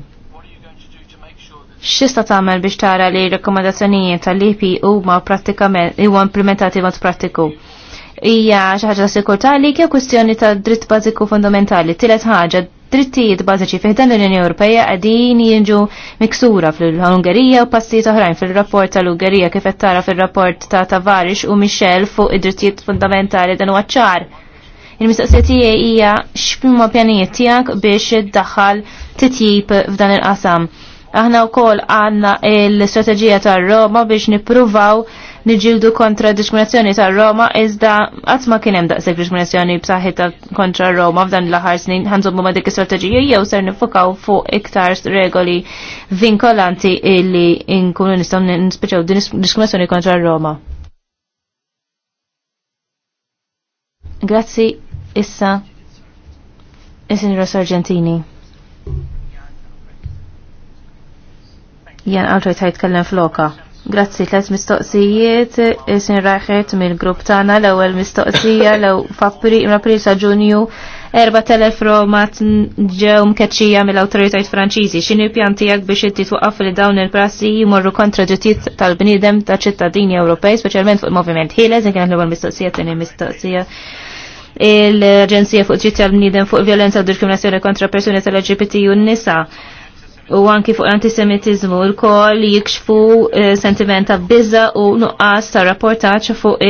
xista tagħmel biex tara li rekomendazzjonijiet tal-IP huma prattikament huwa implementati mod pratiku. Hija xi ħaġa sikurtà li kja kwistjoni ta' dritt bażiku fundamentali. Tielet ħaġa drittijiet bażiċi fih dan l-Unjoni Ewropea qegħdin jinġu miksura fl-Ungerija u passijiet oħrajn fil-rapport tal-Ungerija kif qed tara fir-rapport ta' Tavarix u Michel fuq id-drittijiet fundamentali dan huwa ċar. Il-mistoqsija tiegħi hija x'huma pjanijiet tiegħek biex iddaħħal titjib f'dan il-qasam Aħna wkoll għandna l strategija tar-Roma biex nippruvaw niġildu kontra diskriminazzjoni ta' Roma iżda qatt ma kien hemm daqshekk diskriminazzjoni b'saħħitha kontra Roma f'dan l ħar snin ħanżommu ma' dik strategija jew ser nifokaw fuq iktar regoli vinkolanti illi nkunu nistgħu nispiċċew diskriminazzjoni kontra Roma. Grazzi issa is-Sinjora Sargentini. Jan għaltu jtajt kellem floka. Grazzi, tlet mistoqsijiet, isin eh, raħet mill-grupp tana l ewwel mistoqsija l fappri imrapri sa' ġunju erba' telefromat ġew mkeċija mill-autoritajt franċiżi. X'inhi pjantijak biex inti twaqaf li dawn il-prassi jmorru kontra ġittijiet tal-bniedem ta' ċittadini Ewropej, speċjalment fuq il-moviment ħieles, kien l-ewwel mistoqsija, tieni mistoqsija il aġenzija fuq ġitt tal bnidem fuq violenza u diskriminazzjoni kontra persuni tal-LGBT u n-nisa u anki fuq antisemitizmu l-kol jikxfu eh, sentiment ta' bizza u nuqqas ta' rapportaċ fuq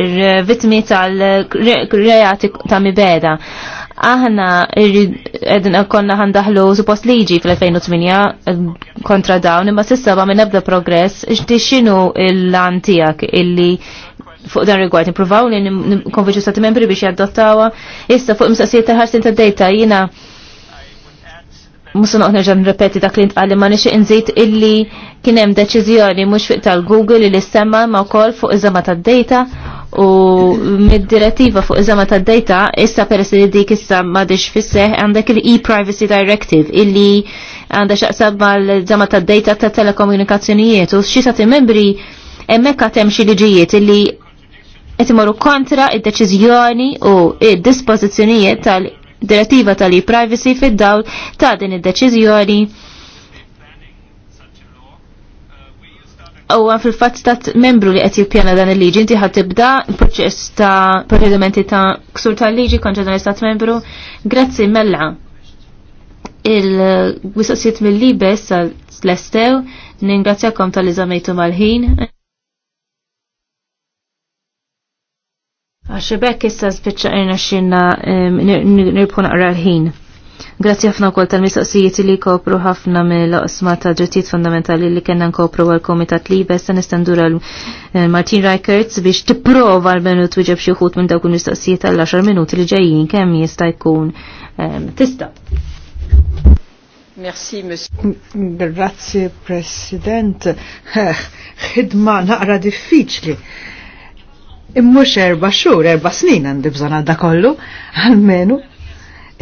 il-vitmi tal-reati ta' mibeda. Aħna edna konna ħandaħlu suppost liġi fl-2008 eh, kontra dawn imma sissa ba' minn ebda progress xti xinu l lan tijak illi fuq dan rigward nipruvaw li konveġu stati membri biex jaddottawa issa fuq msaqsijiet tal-ħarsin ta' data jina musu noqt nerġa' nirrepeti dak li ntqal ma nixi inżid illi kien hemm deċiżjoni mhux fiq tal-Google li semma ma wkoll fuq iżama tad-data u mid-direttiva fuq iżama tad-data issa peress li dik issa ma dix fisseħ għandek il-e-privacy directive illi għandha x'aqsab mal iżama tad-data ta' telekomunikazzjonijiet u xi ta' membri hemmhekk għad hemm xi liġijiet illi qed imorru kontra id-deċiżjoni u id-dispożizzjonijiet tal direttiva tal-e-privacy fid-dawl ta' din id-deċiżjoni. U fil-fat ta' membru li għet jippjana dan il-liġi, inti għat tibda proċess ta' proċedimenti ta' ksur ta' liġi kontra dan istat membru. Grazzi mella il-wisoqsiet mill-libes tal-lestew, ningrazzjakom tal-izamejtu mal-ħin. Għaxe bekk issa spiċċa irna xinna nirpu naqra l-ħin. Grazzi ħafna wkoll tal-mistoqsijiet li kopru ħafna mill osma ta' drittijiet fundamentali li kena nkopru għal komitat li besta nistendura l-Martin Rikerts biex tipprova l-menu twiġeb xi wħud minn dawk il-mistoqsijiet għall-10 minuti li ġejjin kemm jista' jkun tista'. Merci, monsieur. Grazie, President. Ħidma naqra diffiċli Immux erba xhur, erba snin għandi bżonn għadda kollu, għalmenu.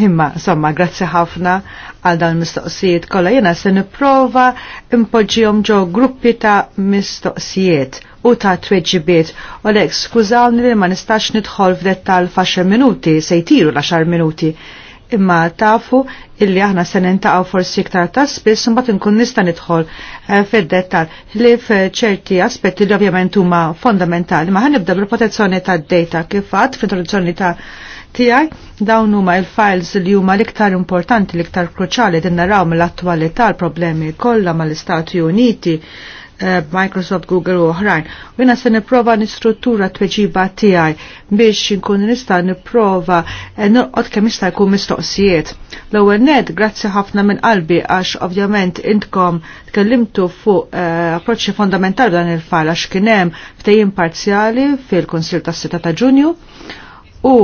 Imma, somma, grazzi ħafna għal dan mistoqsijiet kollha jiena se nipprova impoġijom ġo gruppi ta' mistoqsijiet u ta' tweġibiet u l skużawni li ma nistax nidħol f'dettal faxar minuti, se jtiru l minuti imma tafu illi aħna se nintaqgħu forsi iktar ta' spiss imbagħad inkun nista' nidħol eh, fid-dettall li f'ċerti aspetti li ovvjament huma fondamentali ma ħanibda bil-protezzjoni tad-data kif għad fl-introduzzjoni ta' tiegħi dawn huma il-files li huma l-iktar importanti l-iktar kruċali din naraw mill-attwalità l-problemi kollha mal-Istati Uniti Eh, Microsoft, Google u oħrajn. U se niprofa nistruttura tweġiba tiegħi biex nkun nista' niprova eh, norqod kemm jista' jkun mistoqsijiet. L-ewwel ned, grazzi ħafna minn qalbi għax ovvjament intkom tkellimtu fuq eh, approċċi fondamentali dan il-fajl għax kien hemm ftehim parzjali fil-Kunsil tas-Sita ta' Ġunju u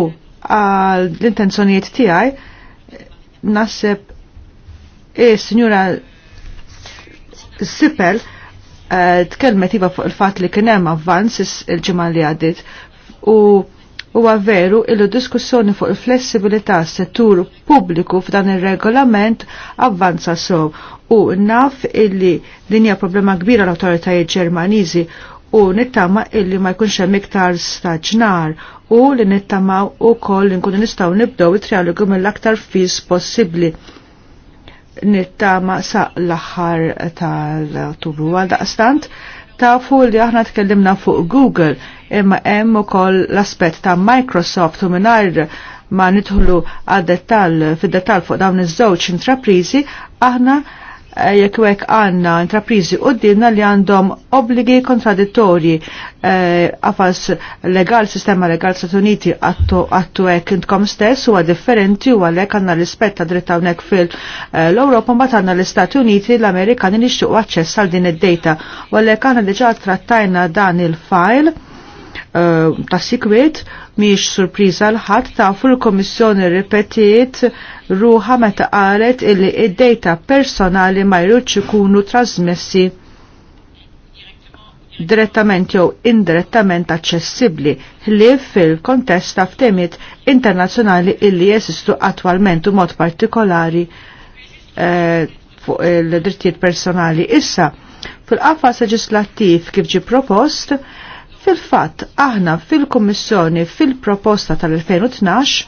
l-intenzjonijiet tiegħi naħseb is-Sinjura Sipel Eh, tkellmet iva fuq il-fat li kien hemm il-ġimgħa li għaddit u huwa veru illu diskussjoni fuq il-flessibilità settur pubbliku f'dan ir-regolament avvanza sew u naf illi din hija problema kbira l-awtoritajiet Ġermaniżi u nittama illi ma jkunx hemm iktar staġnar u li u ukoll li nkunu nistgħu nibdew it-trialogu mill-aktar fis possibbli nittama sa l-axar tal-ottubru għal daqstant tafu li aħna tkellimna fuq Google imma hemm ukoll l-aspett ta' Microsoft u mingħajr ma nidħlu għad-detall fid-detall fuq dawn iż-żewġ intraprizi aħna jekk għanna għandna intrapriżi dinna li għandhom obbligi kontradittorji eh, għafas legal, sistema legal Stati Uniti għattu hekk intkom stess huwa differenti u għalhekk għandna l ta' dritta hawnhekk fil-Ewropa eh, ma għanna l-Istati Uniti l-Amerikani nixtiequ aċċess għal din id data u għalhekk għandna diġà trattajna dan il-file eh, ta' sikwit Miex surpriża l-ħadd tafu l-Komissjoni ripetiet ruħa meta qalet illi id-dejta personali ma jrudx ikunu trasmessi direttament jew indirettament aċċessibbli li fil-kontest ta' ftemiet internazzjonali illi jesistu attwalment u mod partikolari eh, fuq il-drittijiet personali. Issa, fil-qafas leġislattiv kif ġi propost, Fil-fatt, aħna fil-Kommissjoni fil-proposta tal-2012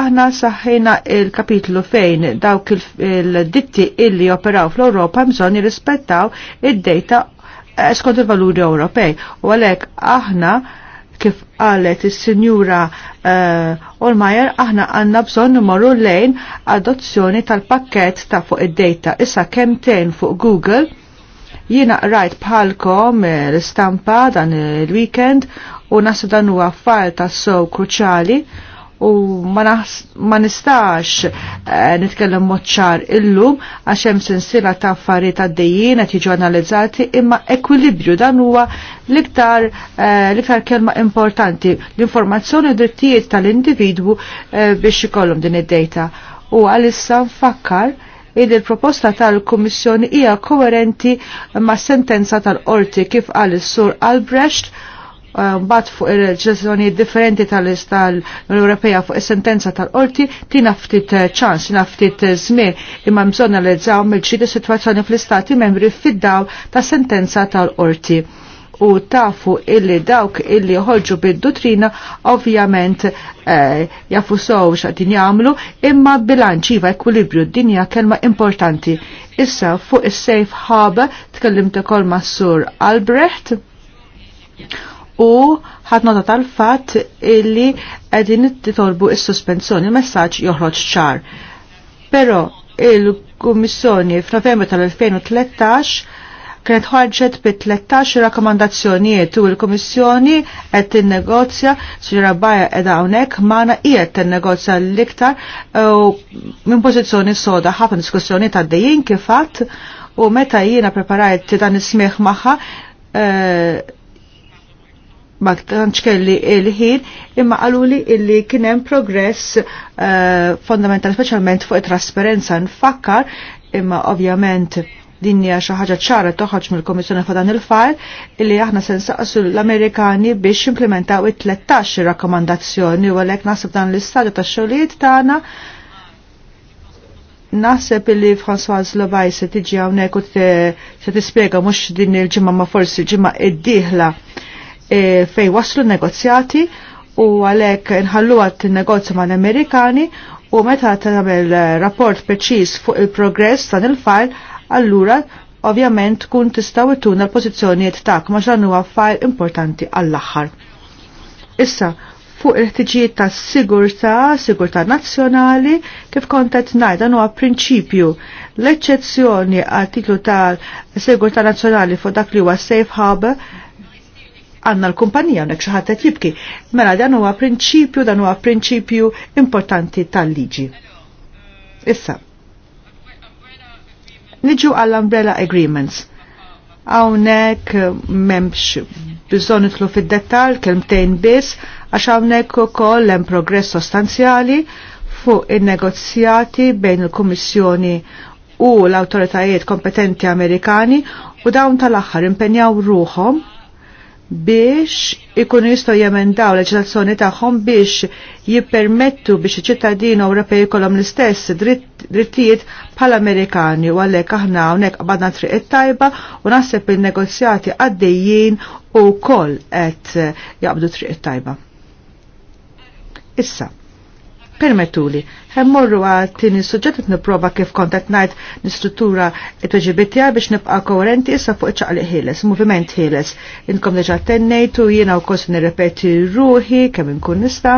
aħna saħħina il-kapitlu fejn dawk il-ditti illi operaw fl-Europa mżon jirrispettaw id-data eh, skont il-valuri Ewropej. U għalek aħna kif qalet il-Sinjura eh, Olmajer, aħna għanna bżon numru lejn adozzjoni tal-pakket ta' fuq id-data. Issa ten fuq Google jina rajt bħalkom eh, l-istampa dan il-weekend u nasu dan huwa affar ta' sow kruċali u ma nistax eh, nitkellem moċċar illum għax hemm sensiela ta' affarijiet għaddejjin qed jiġu analizzati imma ekwilibju dan huwa l-iktar eh, l-iktar kelma importanti l-informazzjoni u drittijiet tal-individwu biex ikollhom din id-dejta. U għalissa nfakkar id il-proposta tal-Kummissjoni hija koherenti ma' sentenza tal-qorti kif għal sur Albrecht uh, bat fuq il-ġezzjoni differenti tal europeja fuq is-sentenza tal-qorti tina ftit uh, ċans, tina ftit uh, żmien imma bżonn analizzaw mil-ċidu sitwazzjoni fl-istati membri fid-daw ta' sentenza tal-qorti u tafu illi dawk illi ħolġu bid-dutrina ovvjament eh, jafu sow xaqtin jamlu imma bilanċiva ekwilibru d-dinja kelma importanti. Issa fuq is-safe harbor tkellimt ukoll ma' Sur Albrecht u ħat nota tal-fatt illi qegħdin titolbu il sospensjoni il-messaġġ joħroġ ċar. Però il-Kummissjoni f'Novembru tal-2013 kienet ħarġet bi 13 rakkomandazzjonijiet u l-Komissjoni qed tinnegozja sira Baja qed hawnhekk magħna qiegħed tinnegozja l-iktar minn pożizzjoni soda ħafna diskussjoni ta' dejjin kif fatt u meta jiena preparajt dan is-smieħ magħha eh, ma tantx kelli il-ħin imma qaluli illi kien hemm progress eh, fondamentali speċjalment fuq it-trasparenza nfakkar imma ovvjament din hija xi ħaġa ċara toħroġ mill-Komissjoni fa' dan il-fajl illi aħna se nsaqsu l-Amerikani biex implementaw it-13 rakkomandazzjoni u għalhekk naħseb dan l-istadju tax-xogħlijiet tagħna naħseb illi François Lovaj se tiġi hawnhekk u se tispjega mhux din il-ġimgħa ma forsi ġimgħa id-dieħla e, fejn waslu negozjati u għalhekk inħallu għat negozju mal-Amerikani u meta tagħmel rapport preċiż fuq il-progress dan il-fajl allura ovvjament tkun tistaw ittuna l pozizjoniet tak ma xan huwa importanti għall-aħħar. Issa, fuq il-ħtiġijiet ta' sigurta, sigurta nazzjonali, kif kontet najdan huwa prinċipju. L-eċċezzjoni għat-titlu tal-sigurta nazzjonali fuq dak li huwa safe hub għanna l-kumpanija unek xaħat jibki. Mela dan huwa prinċipju, dan huwa prinċipju importanti tal-liġi. Issa, Niġu għall-Umbrella Agreements. Hawnhekk eh, m'hemmx bżonn nidħlu fid-dettall kelmtejn biss għax hawnhekk ukoll hemm progress sostanzjali fuq in-negozjati bejn il-Kummissjoni u l-autoritajiet kompetenti Amerikani u dawn tal-aħħar impenjaw ruħom biex ikunu jistgħu jemendaw leġislazzjoni tagħhom biex jippermettu biex iċ-ċittadini Ewropej jkollhom l-istess drittijiet bħal Amerikani u għalhekk aħna hawnhekk qabadna triq it-tajba u naħseb il-negozjati għaddejjin u koll qed jaqbdu triq it-tajba. Issa. Permetuli, hemmorru għal-tini suġġet niprofa kif kontet najt nistruttura it-tuġibitja biex nibqa koherenti issa fuq iċċaqli ħieles, moviment ħieles. Inkom deġa tennejtu, jiena u kos nirrepeti ruħi, kemm inkun nista.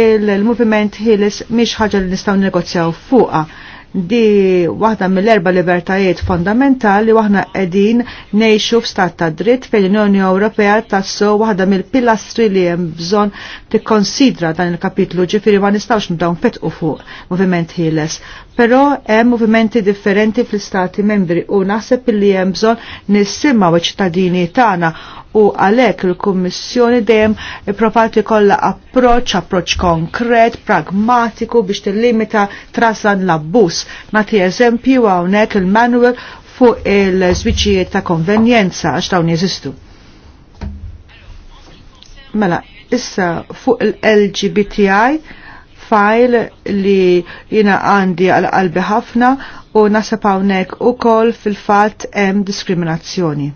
Il-moviment ħieles miex ħaġa li nistgħu negozjaw fuqa di waħda mill-erba libertajiet fondamentali waħna qegħdin ngħixu f'stat ta' dritt fejn l-Unjoni Ewropea tassu waħda mill-pilastri li hemm bżonn tikkonsidra dan il-kapitlu ġifieri ma nistgħux nibdew nfetqu fuq moviment ħieles. Però hemm movimenti differenti fl-istati membri u naħseb li hemm bżonn nissimgħu iċ-ċittadini tagħna u għalek il kummissjoni dejjem ipprovat ikolla approċ, approċ konkret, pragmatiku biex tillimita traslan l-abbus. Nati eżempju għawnek il-manual fuq il-switchijiet ta' konvenjenza għax dawn jeżistu. Mela, issa fuq il-LGBTI file li jina għandi għal-qalbi ħafna u nasab hawnhekk ukoll fil-fatt hemm diskriminazzjoni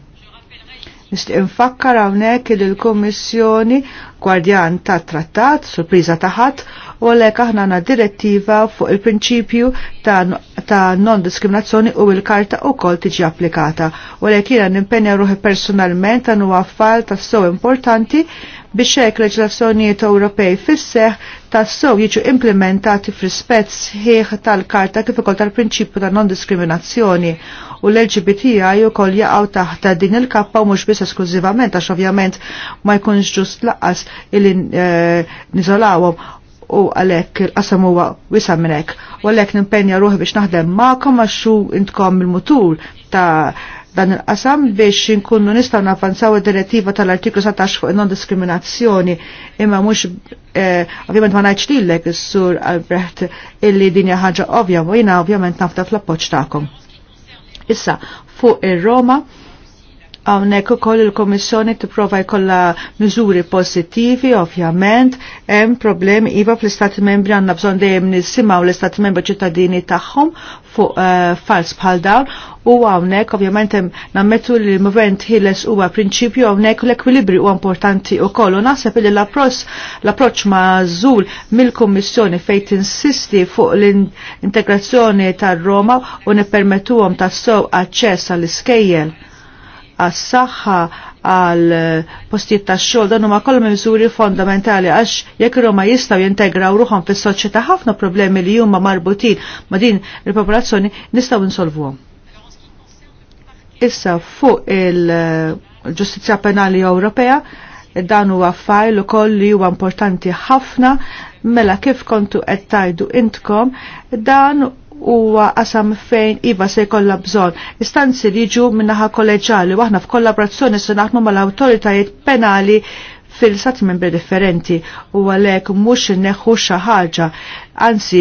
Nistgħu nfakkar hawnhekk il komissjoni kummissjoni Gwardjan ta' Trattat, surpriża ta' ħadd, u għalek aħna għandna direttiva fuq il-prinċipju ta' non-diskriminazzjoni u l-karta wkoll tiġi applikata. U għalhekk jiena nimpenja ruħi personalment għan huwa affar ta' so importanti biex hekk leġlazzjonijiet Ewropej fisseħ ta' sew jiġu implementati f'rispett sħiħ tal-karta kif ukoll tal-prinċipju ta' non-diskriminazzjoni u l-LGBTI ukoll jaqgħu taħt din il-kappa mhux biss esklużivament għax ovvjament ma jkunx ġust laqas illi eh, niżolawhom u għalek il-qasam huwa wisa minnek. U għalek nimpenja ruħi biex naħdem ma'kom għaxu intkom il-mutur ta' dan il-qasam biex inkunu nistaw nafanzaw id-direttiva tal-artiklu 17 fuq non-diskriminazzjoni imma mux eh, ovvjament ma najċtillek lillek s-sur Albrecht illi dinja ħaġa ovvja u jina ovvjament nafta fl-appoċ ta'kom. Issa, fuq ir-Roma Għawnek u koll il-Komissjoni t-prova jkolla miżuri pozittivi, ovvjament, hemm problemi iva fl-Istati membri għanna bżon dejjem nisimaw l-Istati membri ċittadini tagħhom fuq uh, fals bħal dawn u għawnek ovvjament hemm nammetu li l-movent ħiles huwa prinċipju għawnek l-ekwilibri huwa importanti u koll u naħseb li l-approċċ mażul mill-Kummissjoni fejn tinsisti fuq l-integrazzjoni tar-Roma u nippermettuhom tassow aċċess għall-iskejjel għas-saħħa għal postijiet ta' xogħol dan huma kollha miżuri fondamentali għax jekk ma jistgħu jintegraw ruħhom fis-soċjetà ħafna problemi li huma marbutin ma' din il-popolazzjoni nistgħu insolvuhom. Issa fuq il-ġustizzja penali Ewropea dan huwa fajl ukoll li huwa importanti ħafna mela kif kontu qed tajdu intkom dan huwa qasam fejn iva se jkollha bżonn. Istanzi li jiġu minnaħa kolleġjali waħna f'kollaborazzjoni se naħdmu mal-awtoritajiet penali fil sat membri differenti u għalek mux neħu xaħġa, anzi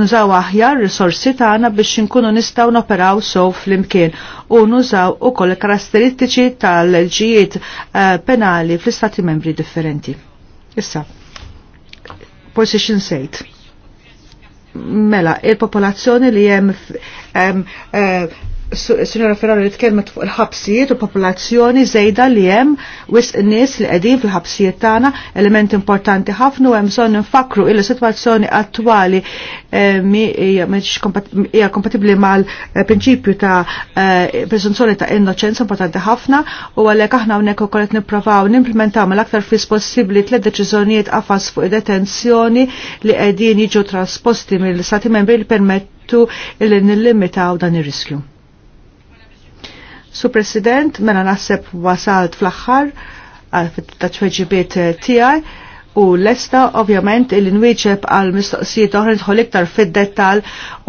nużaw aħjar risorsi tagħna biex inkunu nistgħu noperaw sow fl-imkien u nużaw ukoll karakteristiċi tal-ġijiet eh, penali fl-istati membri differenti. Issa, position sejt mela il-popolazzjoni li hemm eh, Sinjora Ferrari li tkellmet fuq il-ħabsijiet u popolazzjoni żejda li hemm wis nies li qegħdin fil-ħabsijiet tagħna element importanti ħafna u hemm bżonn nfakru il sitwazzjoni attwali eh, hija kompatibbli mal-prinċipju ta' eh, presunzjoni ta' innoċenza importanti ħafna u għalhekk aħna hawnhekk ukoll qed nipprovaw nimplementaw mill-aktar fis possibbli tliet deċiżjonijiet qafas fuq id detenzjoni li qegħdin jiġu trasposti mill-Stati membri li permettu li nillimitaw dan ir-riskju. Su President, mela naħseb wasalt fl-axħar ta' tweġibiet eh, tiegħi u lesta ovvjament il nwieġeb għal mistoqsijiet oħra nidħol iktar fid-dettal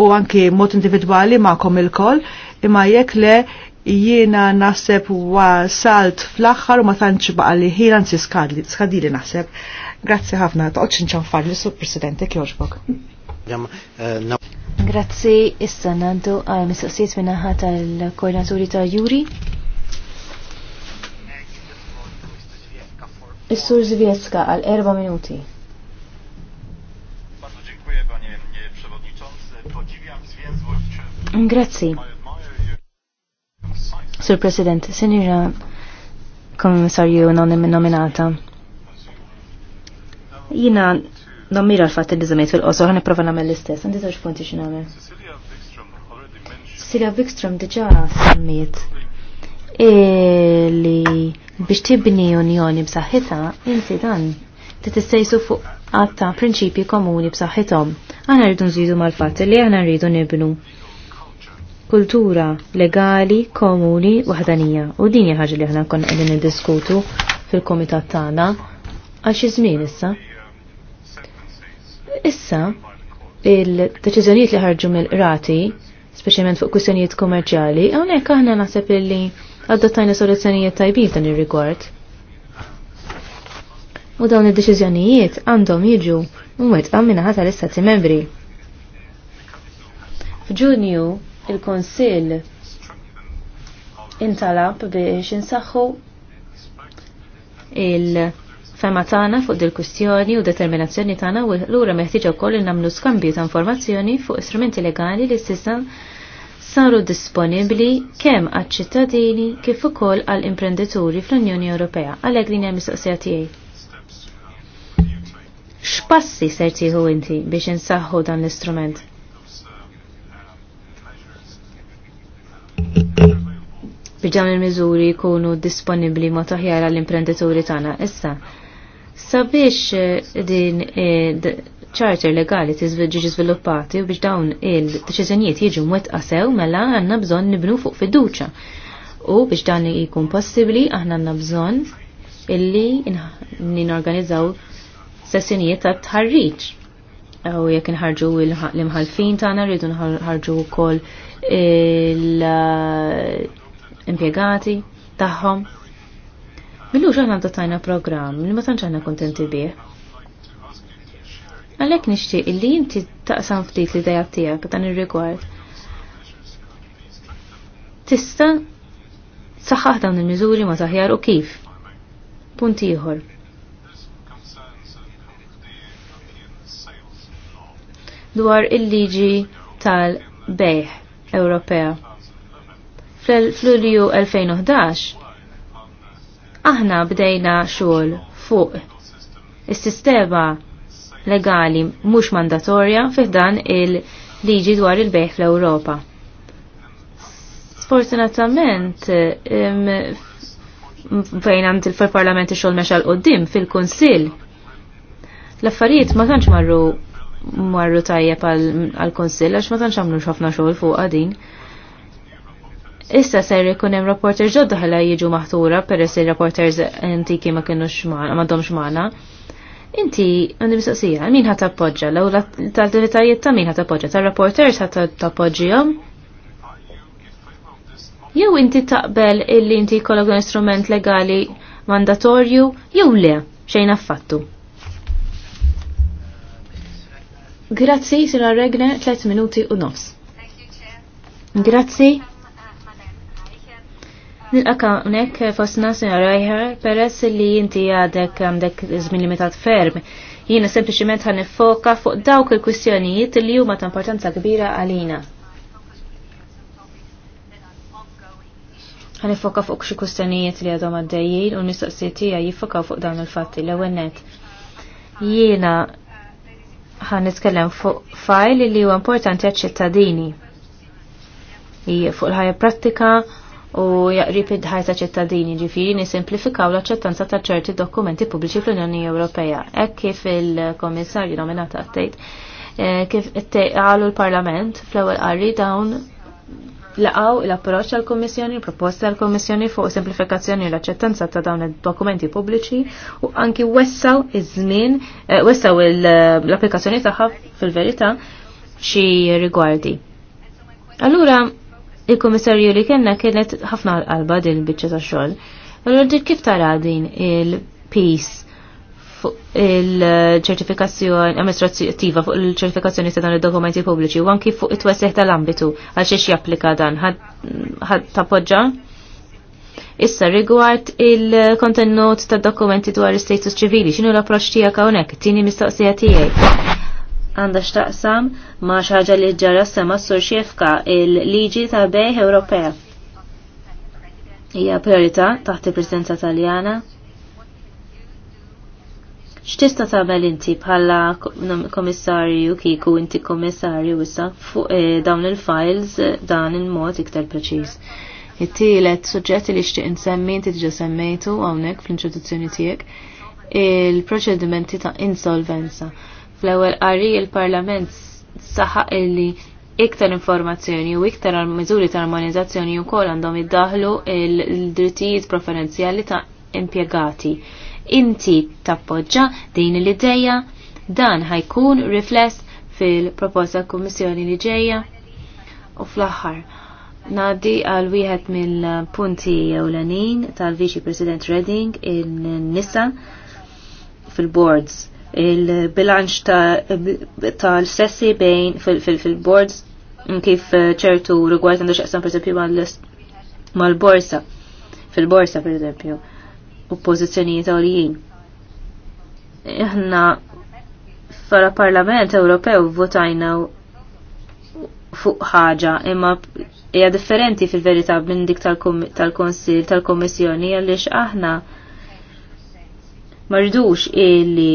u anki mod individwali ma'kom il-koll imma jekk le jiena naħseb wasalt fl-axħar u ma tantx baqa' li ħin anzi skadili naħseb. Grazzi ħafna, toqgħodx nċanfar li Sur President, jogħġbok. Grazzi, issa nandu għal mistoqsijiet minnaħa tal-koordinaturi ta' Juri. Is-sur Zvieska għal erba minuti. Grazzi. Sur President, senjura kommissarju nominata. Jina Nommira l-fat li zamiet fil-qosor, għan iprofa namel l-istess, għan zaġ punti xinamel. Cecilia Wikström diġa semmiet e, li biex tibni unjoni b'saħħitha inti dan titissejsu fuq għatta prinċipji komuni b'saħħithom. Aħna rridu nżidu mal-fatt li aħna rridu nibnu kultura legali komuni waħdanija u din hija ħaġa li aħna konna qegħdin niddiskutu fil-kumitat tagħna għal xi żmien issa. Issa, il-deċiżjonijiet li ħarġu mill-rati, speċjalment fuq kwistjonijiet kummerċjali, hawnhekk aħna naħseb illi adottajna soluzzjonijiet tajbin dan ir-rigward. U dawn id-deċiżjonijiet għandhom jiġu mwettqa ħata tal-istati membri. F'Ġunju il konsil intalab biex insaħħu il- fema tagħna fuq dil kustjoni u determinazzjoni tagħna u lura meħtieġa wkoll il nagħmlu skambju ta' informazzjoni fuq istrumenti legali li s'issa saru disponibbli kemm għal ċittadini kif ukoll għall imprendituri fl-Unjoni Ewropea għalhekk din hemm mistoqsija tiegħi. X'passi ser tieħu inti biex insaħħu dan l-istrument? biex il-miżuri jkunu disponibbli ma taħjar għall-imprenditori tagħna. Issa, Sabiex eh, din eh, charter legali tiżviġi żviluppati u biex dawn il-deċiżjonijiet jiġu mwettqa sew mela għandna bżonn nibnu fuq fiduċa. U biex dan jkun possibbli aħna għandna bżonn illi ninorganizzaw sessjonijiet ta' tħarriġ. U jekk inħarġu l-imħalfin tagħna rridu nħarġu wkoll l-impjegati tagħhom Millu ġaħna tajna program li ma tanċaħna kontenti bieħ. Għalek nishti illi jinti taqsam ftit li dajab tijak dan il-rigward. Tista saħħaħ dawn il-mizuri ma taħjar u kif. Punt ieħor. Dwar il-liġi tal-bejħ Ewropea. Fl-Lulju 2011 Aħna bdejna xogħol fuq is-sistema legali mhux mandatorja dan il-liġi dwar il-bejħ fl-Ewropa. Sfortunatament, fejn għand il-parlament xogħol mexal qoddim fil-Kunsill. L-affarijiet ma tantx marru marru tajjeb għal-Kunsill għax ma tantx għamlu ħafna xogħol fuq din. Issa ser jkun hemm rapporter ġodda ħalla jiġu maħtura peress il-rapporters antiki ma xmana, m'għandhomx magħna. Inti għandi mistoqsija, min ħadd appoġġa? Law tal-attivitajiet ta' min ħadd appoġġa? Tar-rapporters ħadd tappoġġihom? Jew inti taqbel illi inti jkollok instrument legali mandatorju jew le xejn affattu. Grazzi, Sira Regne, 3 minuti u nofs. Grazzi. Nilqa hawnhekk fostna sena rajħar peress li inti għadek għandek żmien limitat ferm. Jiena sempliċiment ħan nifoka fuq dawk il-kwistjonijiet li huma ta' importanza kbira għalina. Ħan nifoka fuq xi kwistjonijiet li għadhom għaddejjin u n-mistoqsijiet tiegħi jiffokaw fuq dawn il-fatti l-ewwel net. Jiena ħan nitkellem fuq fajl li huwa importanti għaċ-ċittadini. Hija fuq l ħajja prattika u jaqrib id ċittadini ġifiri nisimplifikaw l-aċċettanza ta' ċerti dokumenti pubbliċi fl-Unjoni Ewropea. Hekk kif il-Komissarju nominata għattejt, eh, kif għalu l-Parlament fl-ewwel għarri dawn laqaw l-approċċ għal kommissjoni proposta għal komissjoni fuq simplifikazzjoni l-aċċettanza ta' dawn id-dokumenti pubbliċi u anki wessaw iż-żmien, eh, wessaw l-applikazzjoni tagħha fil-verità xi rigwardi. Allura, il-komissarju li kena kienet ħafna qalba din il-bicċa ta' xogħol. Allura kif tara din il-peace il-ċertifikazzjoni amministrativa fuq il-ċertifikazzjoni ta' dan id-dokumenti pubbliċi u anki fuq it-twesseħ tal-ambitu għal xiex japplika dan ħad tappoġġa. Issa rigward il-kontenut tad dokumenti dwar il-status ċivili, x'inhu l-approċċ tiegħek hawnhekk, tieni mistoqsija tiegħek għanda x'taqsam ma' xaġa li ġara sema sur xiefka il-liġi ta' bejħ Ewropea. Hija priorità taħt il-Presidenza Taljana. X'tista' tagħmel inti bħala komissarju kieku inti komissarju issa fuq eh, dawn il-files eh, dan il-mod iktar preċiż. It-tielet suġġetti li xtieq insemmi inti diġà semmejtu hawnhekk fl-introduzzjoni tiegħek il-proċedimenti ta' insolvenza. Fl-ewwel qari il-Parlament saħaq illi iktar informazzjoni u iktar miżuri ta' armonizzazzjoni wkoll għandhom iddaħlu l drittijiet preferenzjali ta' impjegati. Inti tappoġġa din l-ideja dan ħajkun rifless fil-proposta kummissjoni li ġejja u fl-aħħar. Nadi għal wieħed mill-punti ewlenin tal-Viċi President Redding in-nisa fil-boards il-bilanċ tal-sessi bejn fil-boards kif eh, ċertu rigward għandu xaqsan per esempio mal-borsa fil-borsa per esempio u pozizjoni għolijin. Iħna fara Parlament Ewropew votajna fuq ħaġa imma hija differenti fil-verità minn dik tal-Konsil tal komissjoni għaliex aħna Mardux illi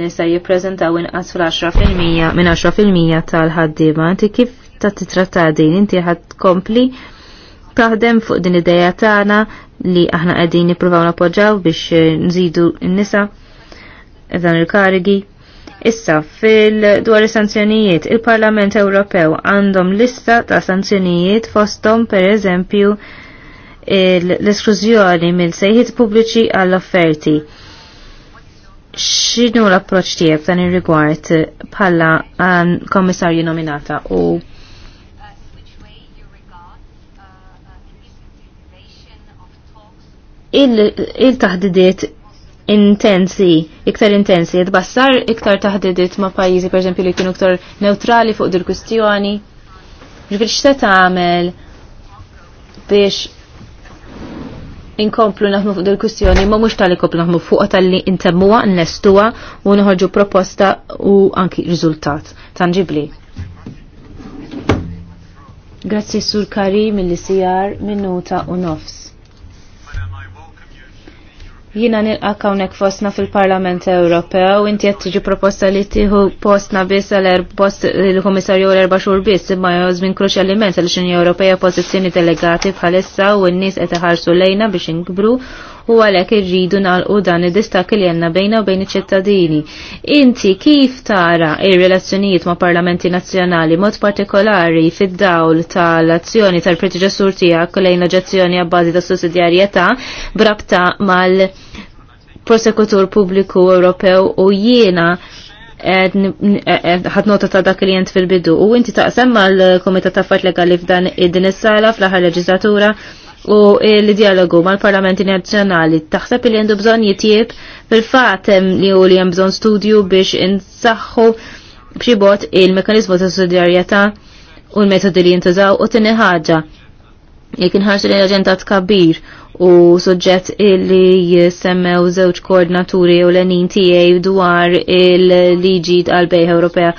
nisa jippreżentaw inqas fil-10% minn 10% tal-ħaddiema inti kif ta' titratta din inti ħad kompli taħdem fuq din id-dejja tagħna li aħna qegħdin nippruvaw napoġġaw biex eh, nżidu n-nisa dan il-karigi. Issa, fil-dwar sanzjonijiet, il-Parlament Ewropew għandhom lista ta' sanzjonijiet fostom per eżempju l-esklużjoni mill-sejħiet pubbliċi għall-offerti xinu l-approċ tiegħek dan ir-rigward bħala ehm, komissarju nominata u il-taħdidiet intensi, iktar intensi, jitbassar iktar taħdidiet ma' pajizi per esempio li kienu iktar neutrali fuq dil-kustjoni. Ġifir x'se tagħmel biex inkomplu naħmu fuq dil kustjoni ma mux tal naħmu fuq tal-li intemmuwa, nnestuwa u nħorġu proposta u anki rizultat. Tangibli. Grazzi sur Karim mill-sijar minuta u nofs. Jina nilqak hawnhekk fostna fil-Parlament Ewropew, inti qed tiġi proposta li tieħu postna biss għal post il-Kummissarju l erba' xhur biss, imma żmien kruċjali immens għal xinja Ewropea pożizzjoni delegati bħalissa u n-nies qed iħarsu lejna biex inkbru u għalhekk irridu nagħlqu dan id-distak li bejna u bejn iċ-ċittadini. Inti kif tara ir-relazzjonijiet ma' parlamenti nazzjonali mod partikolari fid-dawl tal-azzjoni tal-predeċessur tiegħek lejn aġazzjoni għabbażi ta' sussidjarjetà brabta mal prosekutur pubbliku Ewropew u jiena ħad nota ta' dak klient fil-bidu u inti taqsem mal komitat ta' fat legali f'dan id-din is-sala fl-aħħar leġislatura u il-dialogu mal-Parlamenti Nazzjonali taħseb li għandu bżonn jitjib fil-fatt li u li hemm bżonn studju biex insaħħu b'xi bot il-mekanizmu ta' solidarjetà u l-metodi li jintużaw u t-tini ħaġa. Jekk inħarsu li l-aġenda tkabbir u suġġett li semmew żewġ koordinaturi u l-enin tiegħi dwar il-liġi tal-Bejħ Ewropea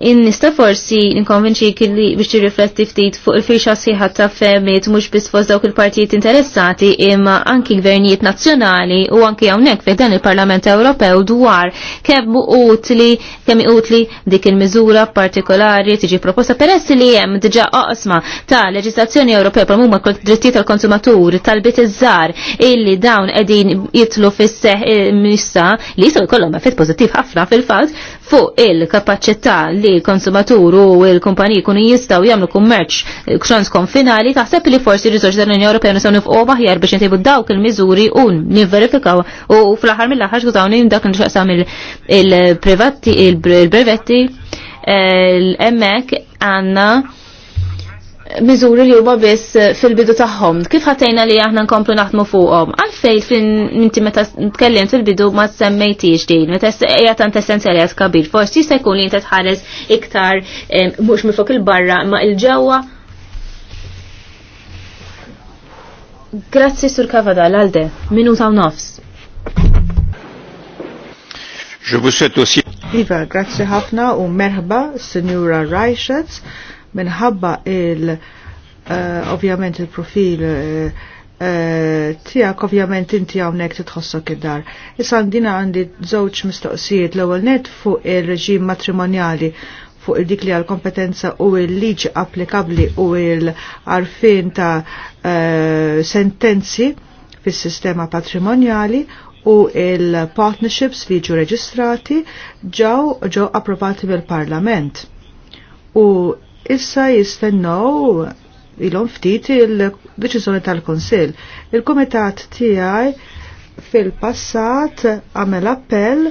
In nista' forsi nkonvinċi kelli biex tirrifletti ftit fuq il-firxa sħiħa ta' femiet mhux biss fost dawk il-partijiet interessati imma anki gvernijiet nazzjonali u anki hawnhekk fejn dan il-Parlament Ewropew dwar kemm utli kemm utli dik il-miżura partikolari tiġi proposta peress li hemm diġà oqsma ta' leġislazzjoni Ewropea bħal huma drittijiet tal-konsumatur talbiet iż-żar illi dawn qegħdin jitlu fis-seħ missa li jistgħu jkollhom effett pożittiv ħafna fil-fatt fuq il-kapacità li konsumatur u il-kumpaniji kunu jistaw jagħmlu kummerċ transkonfinali eh, taħseb li forsi r-riżorsi tal-Unjoni Ewropea nisaw nifqgħu aħjar biex nitejbu dawk il-miżuri un nivverifikaw u fl-aħħar mill-aħħar xkutaw dak nixaqsam il-privati il-brevetti eh, l-emmek għanna miżuri li huma biss fil-bidu tagħhom. Kif ħatejna li aħna nkomplu naħdmu fuqhom? Għalfejn fin inti meta tkellem fil-bidu ma semmejtix din, meta hija tant essenzjali kabir. Forsi jista' jkun li inti tħares iktar mhux minn fuq il-barra ma il-ġewwa. Grazzi Sur Kavada, l-għalde, minuta u nofs. Je vous souhaite aussi. Iva, grazzi ħafna u merħba, Signora Rajshets minħabba il- uh, ovvjament il-profil uh, tijak ovvjament inti għawnek titħossok id-dar. Issa għandi żewġ mistoqsijiet l ewwel net fuq il-reġim matrimonjali fuq il-dik li għal-kompetenza u il-liġi applikabli u il-arfin ta' uh, sentenzi fis-sistema patrimonjali u il-partnerships li ġu reġistrati ġew approvati bil parlament U issa il ilhom ftit il deċizjoni tal konsil Il-Kumitat TI fil-passat għamel appell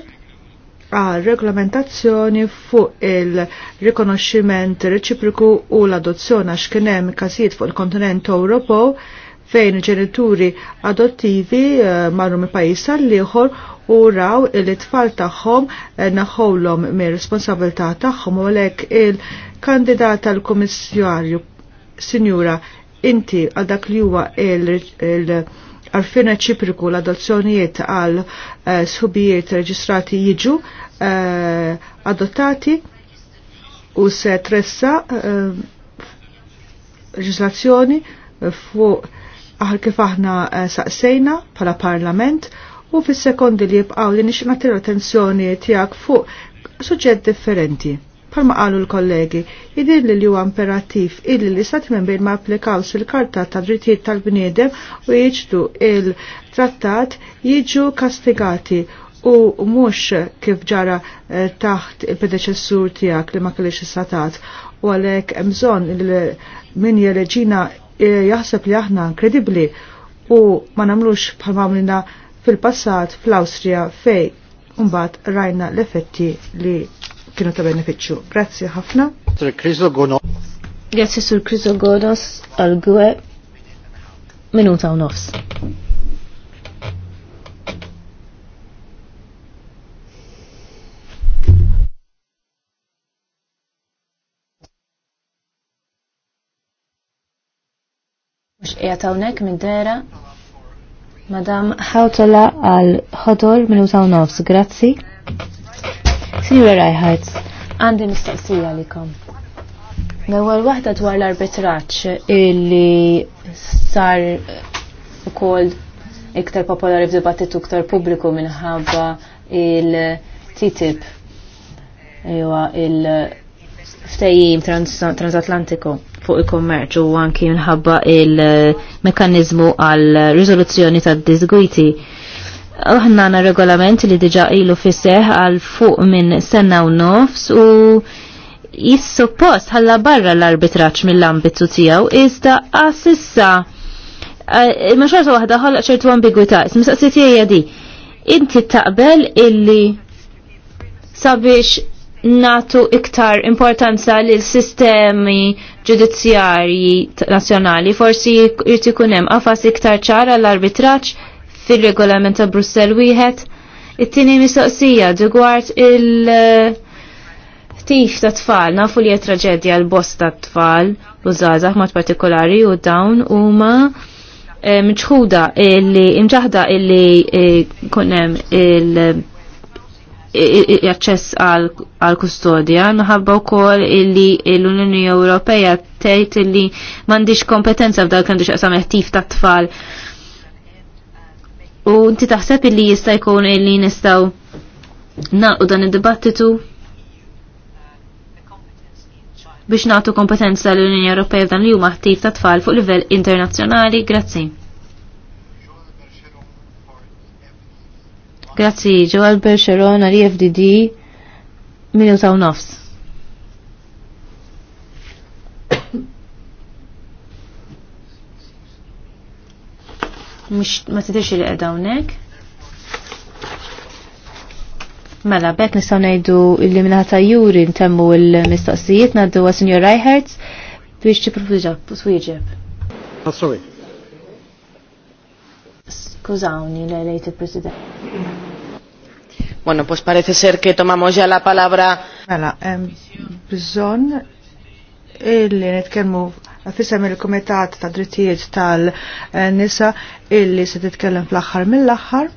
għal reglamentazzjoni fuq il-rikonoxximent reċipriku u l-adozzjoni għax kien hemm każijiet fuq il-kontinent Ewropew fejn ġenituri adottivi eh, marru minn pajjiż tal liħor u raw il-tfal tagħhom eh, naħħolom mir-responsabilità tagħhom u għalhekk il- Kandidata l-Komissjarju, Sinjura, inti għal dak li huwa il-arfina ċipriku l-adozzjonijiet għal eh, subijiet reġistrati jiġu eh, adottati u se tressa eh, reġistrazzjoni fuq aħar kif aħna saqsejna pala parlament u fis sekondi li jibqaw li nixna attenzjoni tijak fuq suġġett differenti. Palma qalu l-kollegi, jidir li li huwa imperattiv illi li stati membri ma applikawx il-karta ta' drittijiet tal-bniedem u jiġdu il-trattat jiġu kastigati u mhux kif ġara eh, taħt il-predeċessur tiegħek li ma kellix istatat u għalhekk hemm bżonn min jeleġina eh, jaħseb li aħna kredibli u ma namlux bħal fil-passat fl-Awstrija fej Umbat rajna l-effetti li kienu ta' beneficju. Grazzi ħafna. Grazzi sur Kriso Gonos għal-gwe minuta u nofs. qiegħed hawnhekk mid-dera Madam Hawtola għal ħodol minn nofs, grazzi. Sinjura Rajħat, għandi mistoqsija li kom. L-ewwel waħda dwar l-arbitraġġ illi sar ukoll iktar popolari f'dibattitu iktar pubbliku minħabba il-TTIP Ewa, il-ftajim transatlantiku fuq il-kommerċ u anki minħabba il-mekanizmu għal riżoluzzjoni tad-disgwiti Aħna għana regolament li diġa ilu fisseħ għal fuq minn sena u nofs u jissuppost ħalla barra l-arbitraċ mill-ambitu tijaw iżda għasissa. Eh, maċħarta xorta wahda ħalla ċertu ambigwita, s-mistaqsiti di. Inti taqbel illi sabiex natu iktar importanza li sistemi ġudizzjarji nazjonali forsi jirti kunem għafas iktar ċara l-arbitraċ fil-regolament ta' Brussel wieħed. It-tieni mistoqsija dwar il- tif ta' tfal, nafu li traġedja l-bosta tfal, u zazax mat partikolari u dawn u ma eh, mċħuda illi, imġahda illi eh, kunem il- jaċċess eh, għal-kustodja, nħabba u kol illi l-Unjoni Ewropeja tgħid illi m'għandix kompetenza f'dal għandix qasam tif ta' tfal U inti taħseb illi jista' jkun illi nistgħu naqgħu dan id-dibattitu biex nagħtu kompetenza l-Unjoni Ewropea f'dan li huma ħtif ta' tfal fuq livell internazzjonali. Grazzi. Grazzi, Joel Bercheron għal IFDD, e minu taw nofs. ma tidirx li qiegħda hawnhekk. Mela, bekk nistgħu ngħidu li minħata juri ntemmu l-mistoqsijiet ngħaddu għas Sinjor Reihertz biex tipprovdiġa swieġeb. Ah, sorry. Skużawni lejt il-President. Bueno, pues parece ser que tomamos ya la palabra. Mela, bżon illi nitkellmu fissem il-Komitat ta' Drittijiet tal-Nisa illi se titkellem fl-axħar mill-axħar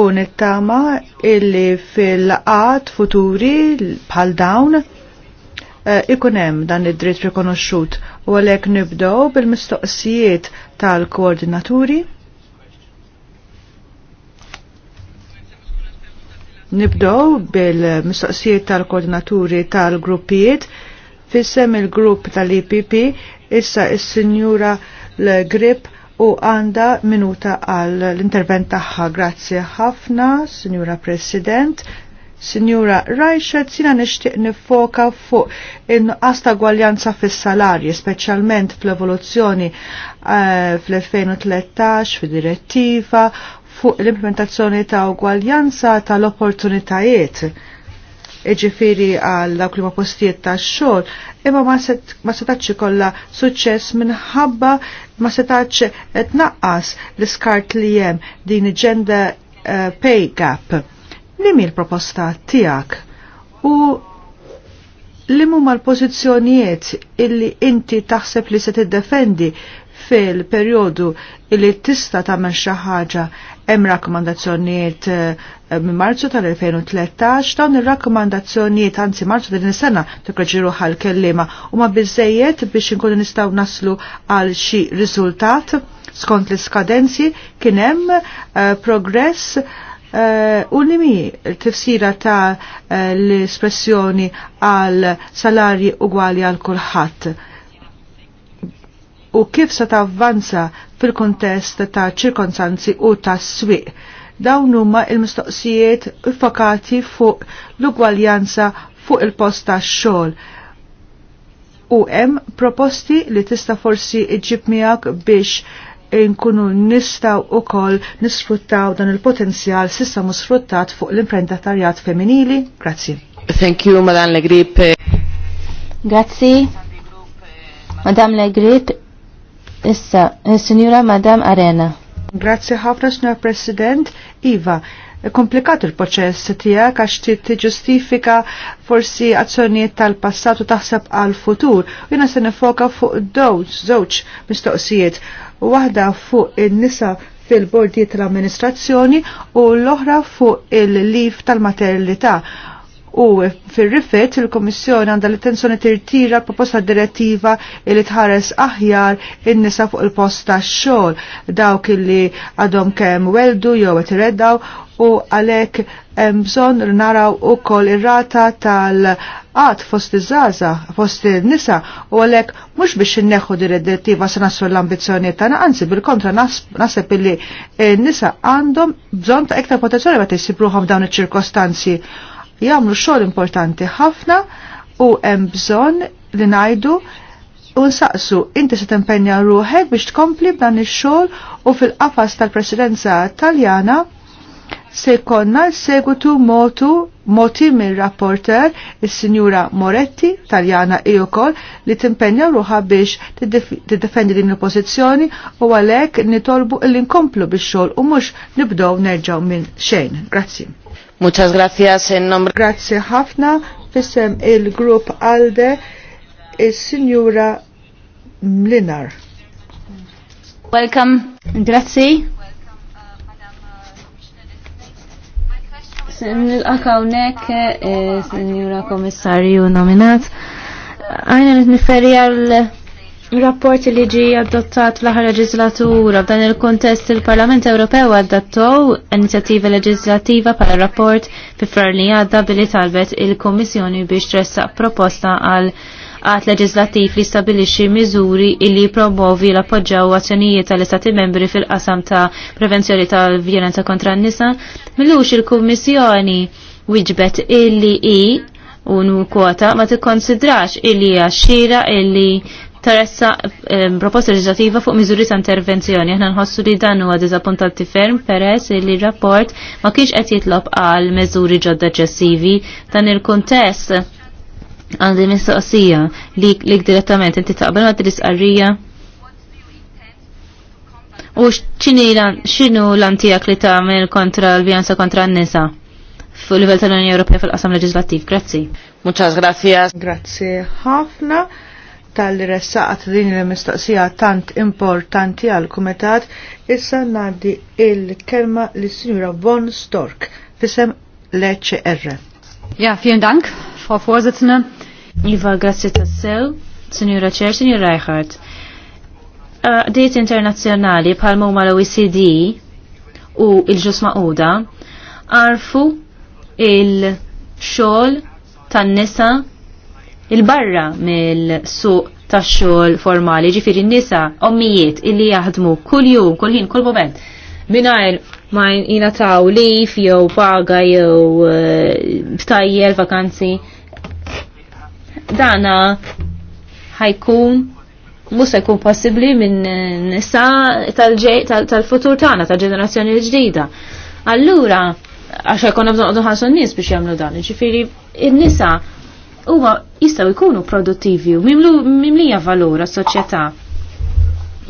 u nittama illi fil-qat futuri bħal dawn eh, ikunem dan id-dritt rikonoxxut u għalhekk nibdew bil-mistoqsijiet tal-koordinaturi. Nibdew bil-mistoqsijiet tal-koordinaturi tal-gruppijiet tal koordinaturi tal gruppijiet fissem il-grupp tal-IPP issa il-Sinjura l-Grip u għanda minuta għal l-intervent tagħha. Grazzi ħafna, Sinjura President. Sinjura Rajxet, sina nishtiq nifoka fuq in-nuqqas ta' gwaljanza fis-salarji, speċjalment fl-evoluzzjoni uh, fl-2013 fil direttiva fuq l-implementazzjoni ta' gwaljanza tal-opportunitajiet ġifiri għal dawk li ma postijiet ta' xogħol, imma ma setax ikollha suċċess minħabba ma setax naqqas l-iskart li hemm din gender eh, pay gap. Nimi l-proposta tiegħek u li mumma l pożizzjonijiet illi inti taħseb li se tiddefendi fil-periodu illi tista tagħmel xi ħaġa Hemm rakkomandazzjonijiet eh, minn Marzu tal-2013 dawn ir-rakkomandazzjonijiet anzi Marzu din is-sena tikroġiru ħal kellima huma biżejjed biex inkunu nistgħu naslu għal xi riżultat skont l-iskadenzi kien hemm eh, progress eh, u nimi l-tifsira ta' l-espressjoni għal salarji ugwali għal kulħadd u kif se tavvanza fil-kontest ta' ċirkonstanzi u ta' swiq. Dawn huma il-mistoqsijiet fokati fuq l-ugwaljanza fuq il-post ta' xogħol. U hemm proposti li tista' forsi iġib miegħek biex inkunu nistaw u koll nisfruttaw dan il-potenzjal sissa musfruttat fuq l-imprendatarjat femminili. Grazzi. Thank you, Madame Legrip. Grazzi. Madame Legrip, Issa, Signora Madam Arena. Grazie ħafna, Signor President. Iva, komplikat il-proċess tijak għax ġustifika forsi azzjonijiet tal-passat u taħseb għal-futur. Jena se nifoka fuq dowġ, żewġ mistoqsijiet. Waħda fuq in-nisa fil-bordijiet tal-amministrazzjoni u l-oħra fuq il-lif tal-maternità U fil-rifet il-Komissjoni għandha l-attenzjoni tirtira proposta direttiva li tħares aħjar in-nisa fuq il-post tax-xogħol dawk illi għadhom kemm weldu jew qed ireddaw u għalhekk hemm bżonn naraw ukoll ir-rata tal-qatt fost iż żaża fost nisa u għalhekk mhux biex inneħħu direttiva se nasu l-ambizzjonijiet tagħna anzi bil-kontra naħseb illi n-nisa għandhom bżonn ta' iktar protezzjoni meta jsibruhom f'dawn iċ-ċirkostanzi Jamlu xogħol importanti ħafna u hemm bżonn li ngħidu u nsaqsu inti se tempenja ruħek biex tkompli b'dan ix-xogħol u fil-qafas tal-Presidenza Taljana se jkollna segwitu motu moti mir-rapporter is-Sinjura Moretti Taljana i wkoll li timpenja ruħa biex tiddefendi din il-pożizzjoni u għalhekk nitolbu l-inkomplu bix-xogħol u mhux nibdew nerġgħu minn xejn. Grazzi. Muchas gracias en nombre. Grazie ħafna fissem il-grupp Alde il signora Mlinar. Welcome. Grazzi. Nil-akawnek, eh, signora Komissarju nominat. Għajna niferi għal Rapport li ġi adottat fl-aħħar leġislatura f'dan il kuntest il-Parlament Ewropew adattaw inizjattiva leġislativa bħala rapport fi frar li għadda billi talbet il-Kommissjoni biex tressaq proposta għal għat leġislativ li stabilixi miżuri illi promovi l-appoġġaw azzjonijiet tal-Istati membri fil-qasam ta' prevenzjoni tal-vjolenza kontra n-nisa, millux il-Kommissjoni wiġbet illi i unu kwota ma tikkonsidrax illi għaxxira illi teressa ehm, proposta legislativa fuq miżuri ta' intervenzjoni. Aħna nħossu li dan huwa diżappuntanti ferm peress li rapport ma kienx qed jitlob għal miżuri ġodda ġessivi dan il-kuntest għandi mistoqsija li direttament inti taqbel ma tisqarrija. U x'inhi x'inhu l-antijak li tagħmel kontra l-vjanza kontra n-nisa? fuq livell tal-Unjoni Ewropea fil-qasam leġislattiv. Grazzi. Muchas gracias. Grazzi ħafna tal-ressaqat din il-mistoqsija tant importanti għal kumitat issa naddi il-kelma li sinjura Von Stork fisem Lecce R. Ja, fjen Dank, Frau Vorsitzende. Iva, grazie tassew, sinjura Cher, sinjura Reichardt. Uh, Diet internazzjonali bħal mumma l-OECD u il-ġus Uda, għarfu il-xol tan-nisa il-barra mill-suq tax-xogħol formali, ġifieri n-nisa ommijiet illi jaħdmu kuljum, jum kull moment mingħajr ma jingħataw lif jew paga jew btajjel eh, vakanzi. Dana ħajkun mhux se jkun possibbli minn nisa tal-futur tagħna, tal-ġenerazzjoni l-ġdida. Allura, għaxa jkun bżon għadu ħasu n-nis biex jamlu dan, ġifiri, n-nisa huwa jistgħu jkunu produttivi u mimlija valur għas-soċjetà.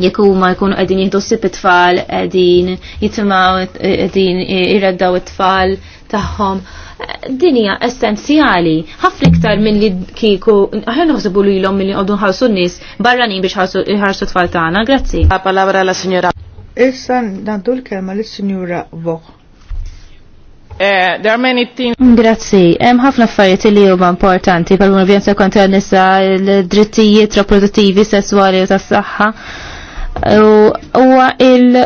Jekk huma jkunu qegħdin jieħdu sib it-tfal, qegħdin jitimgħu qegħdin irreddaw it-tfal tagħhom. Din hija essenzjali ħafna iktar minn li li l om minn milli għodun ħarsu n-nies barranin biex ħarsu t-tfal tagħna. Grazzi. La palabra la signora. Issa nagħdu l-kelma lis-Sinjura Voh. Eh, there are many things. Grazzi. Hemm ħafna affarijiet li huma importanti pal vjenza kontra n nisa l-drittijiet reproduttivi sesswali u tas-saħħa. U huwa il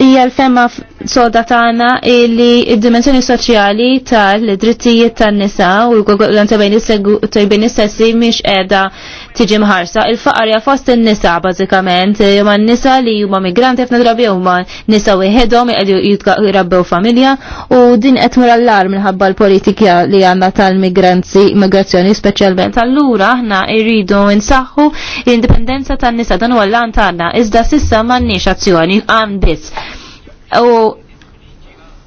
hija l-femma soda tagħna li d-dimensjoni soċjali tal-drittijiet tan-nisa u l-gwaganza bejn is-sessi mhix qiegħda tiġi mħarsa. Il-faqar fost in-nisa bażikament, huma n-nisa li huma migranti ħafna drabi huma nisa wieħedhom jqegħdu jirabbew familja u din qed mur allar minħabba l-politika li għandna tal migranzi immigrazzjoni speċjalment. Allura aħna jridu nsaħħu l-indipendenza tan-nisa dan huwa l-lan tagħna iżda sissa m'għandniex azzjoni għan biss. U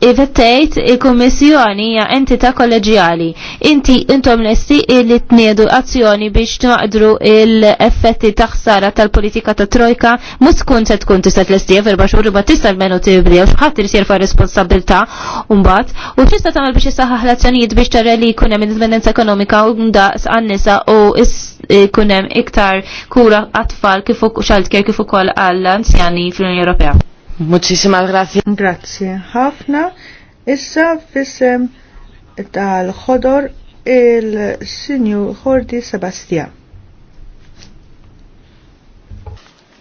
Ivettejt il-Kommissjoni hija entita' kolleġjali. Inti intom lesti li tniedu azzjoni biex tnaqdru l-effetti ta' ħsara tal-politika ta' trojka mhux tkun se tkun tista' tlesti f'erba' xhur imma tista' almenu tibdew x'ħadd irid jerfa' responsabilità mbagħad u tista' tagħmel biex isaħħaħ l-azzjonijiet biex tara li jkun hemm indipendenza ekonomika u ndaqs għan-nisa u jkun hemm iktar kura għat-tfal kif kifu kif ukoll għall-anzjani fl-Unjoni Ewropea. Muchísimas gracias. Grazie Hafna, Issa fissem tal-ħodor il-Sinju Hordi Sebastian.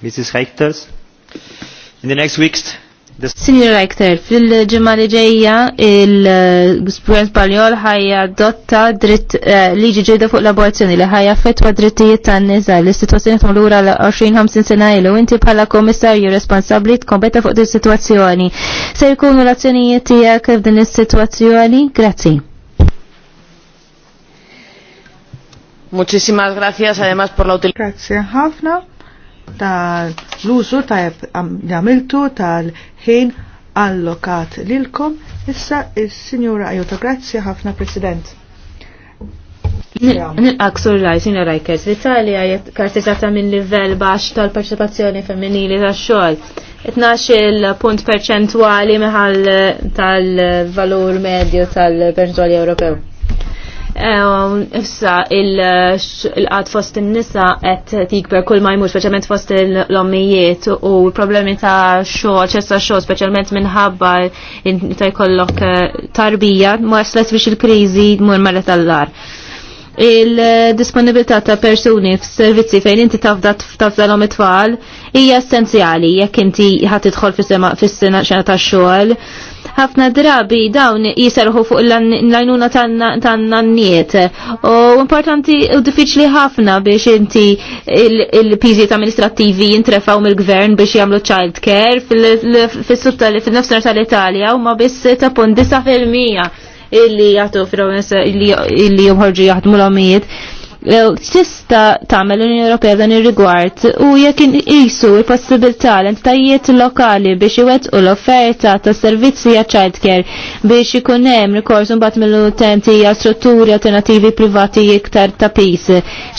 Mrs. Reichters, in the next weeks Sinjor Rektor, fil-ġimma li ġejja il-Gvern Spanjol ħajja dotta dritt eh, liġi ġejda fuq l-aborzzjoni li ħajja fetwa drittijiet tan-nisa l istituzzjoni tmur lura l-20-50 sena ilu inti bħala komissarju responsabbli tkompeta fuq din situazzjoni. sitwazzjoni Se jkunu l-azzjonijiet tiegħek f'din is-sitwazzjoni? Grazzi. Muchísimas gracias además por la utilización. Grazie ħafna tal-użu ta' li ta' tal-ħin allokat lilkom. Issa il signora Ajuta, grazzi ħafna President. Nilqak surlaj, Sinjura Rajkers, l-Italja jett kartizata minn livell baħx tal-parċipazzjoni femminili tax-xogħol. 12 punt perċentwali meħal tal-valur medju tal perċentuali Ewropew. Ehm, issa il-qad fost il-nisa għet tikber kull ma jmur, specialment fost l-ommijiet u problemi ta' xo, ċessa xo, specialment minħabba ta' jkollok eh, tarbija, ma' slet biex il-krizi mur marret għallar il-disponibilità eh, ta' persuni fis-servizzi fejn inti tafda l-om it-tfal hija essenzjali jekk inti ħadd tidħol fis-sena ta' tax-xogħol ħafna drabi dawn jisarħu fuq l-għajnuna tan-nanniet. U importanti u diffiċli ħafna biex inti il ta' amministrativi jintrefaw mill-gvern biex jagħmlu child care fil-nofsinhar tal-Italja u ma ta' pun 9 fil-mija illi jagħtu illi jomħorġu jaħdmu l għomijiet tista tagħmel l-Unjoni Ewropea dan ir-rigward u jekk iqisu l-possibilità l-entajiet lokali biex iwettqu l-offerta ta' servizzi għal childcare biex ikun hemm rikors imbagħad mill-utenti għal strutturi alternattivi privati iktar ta' pis.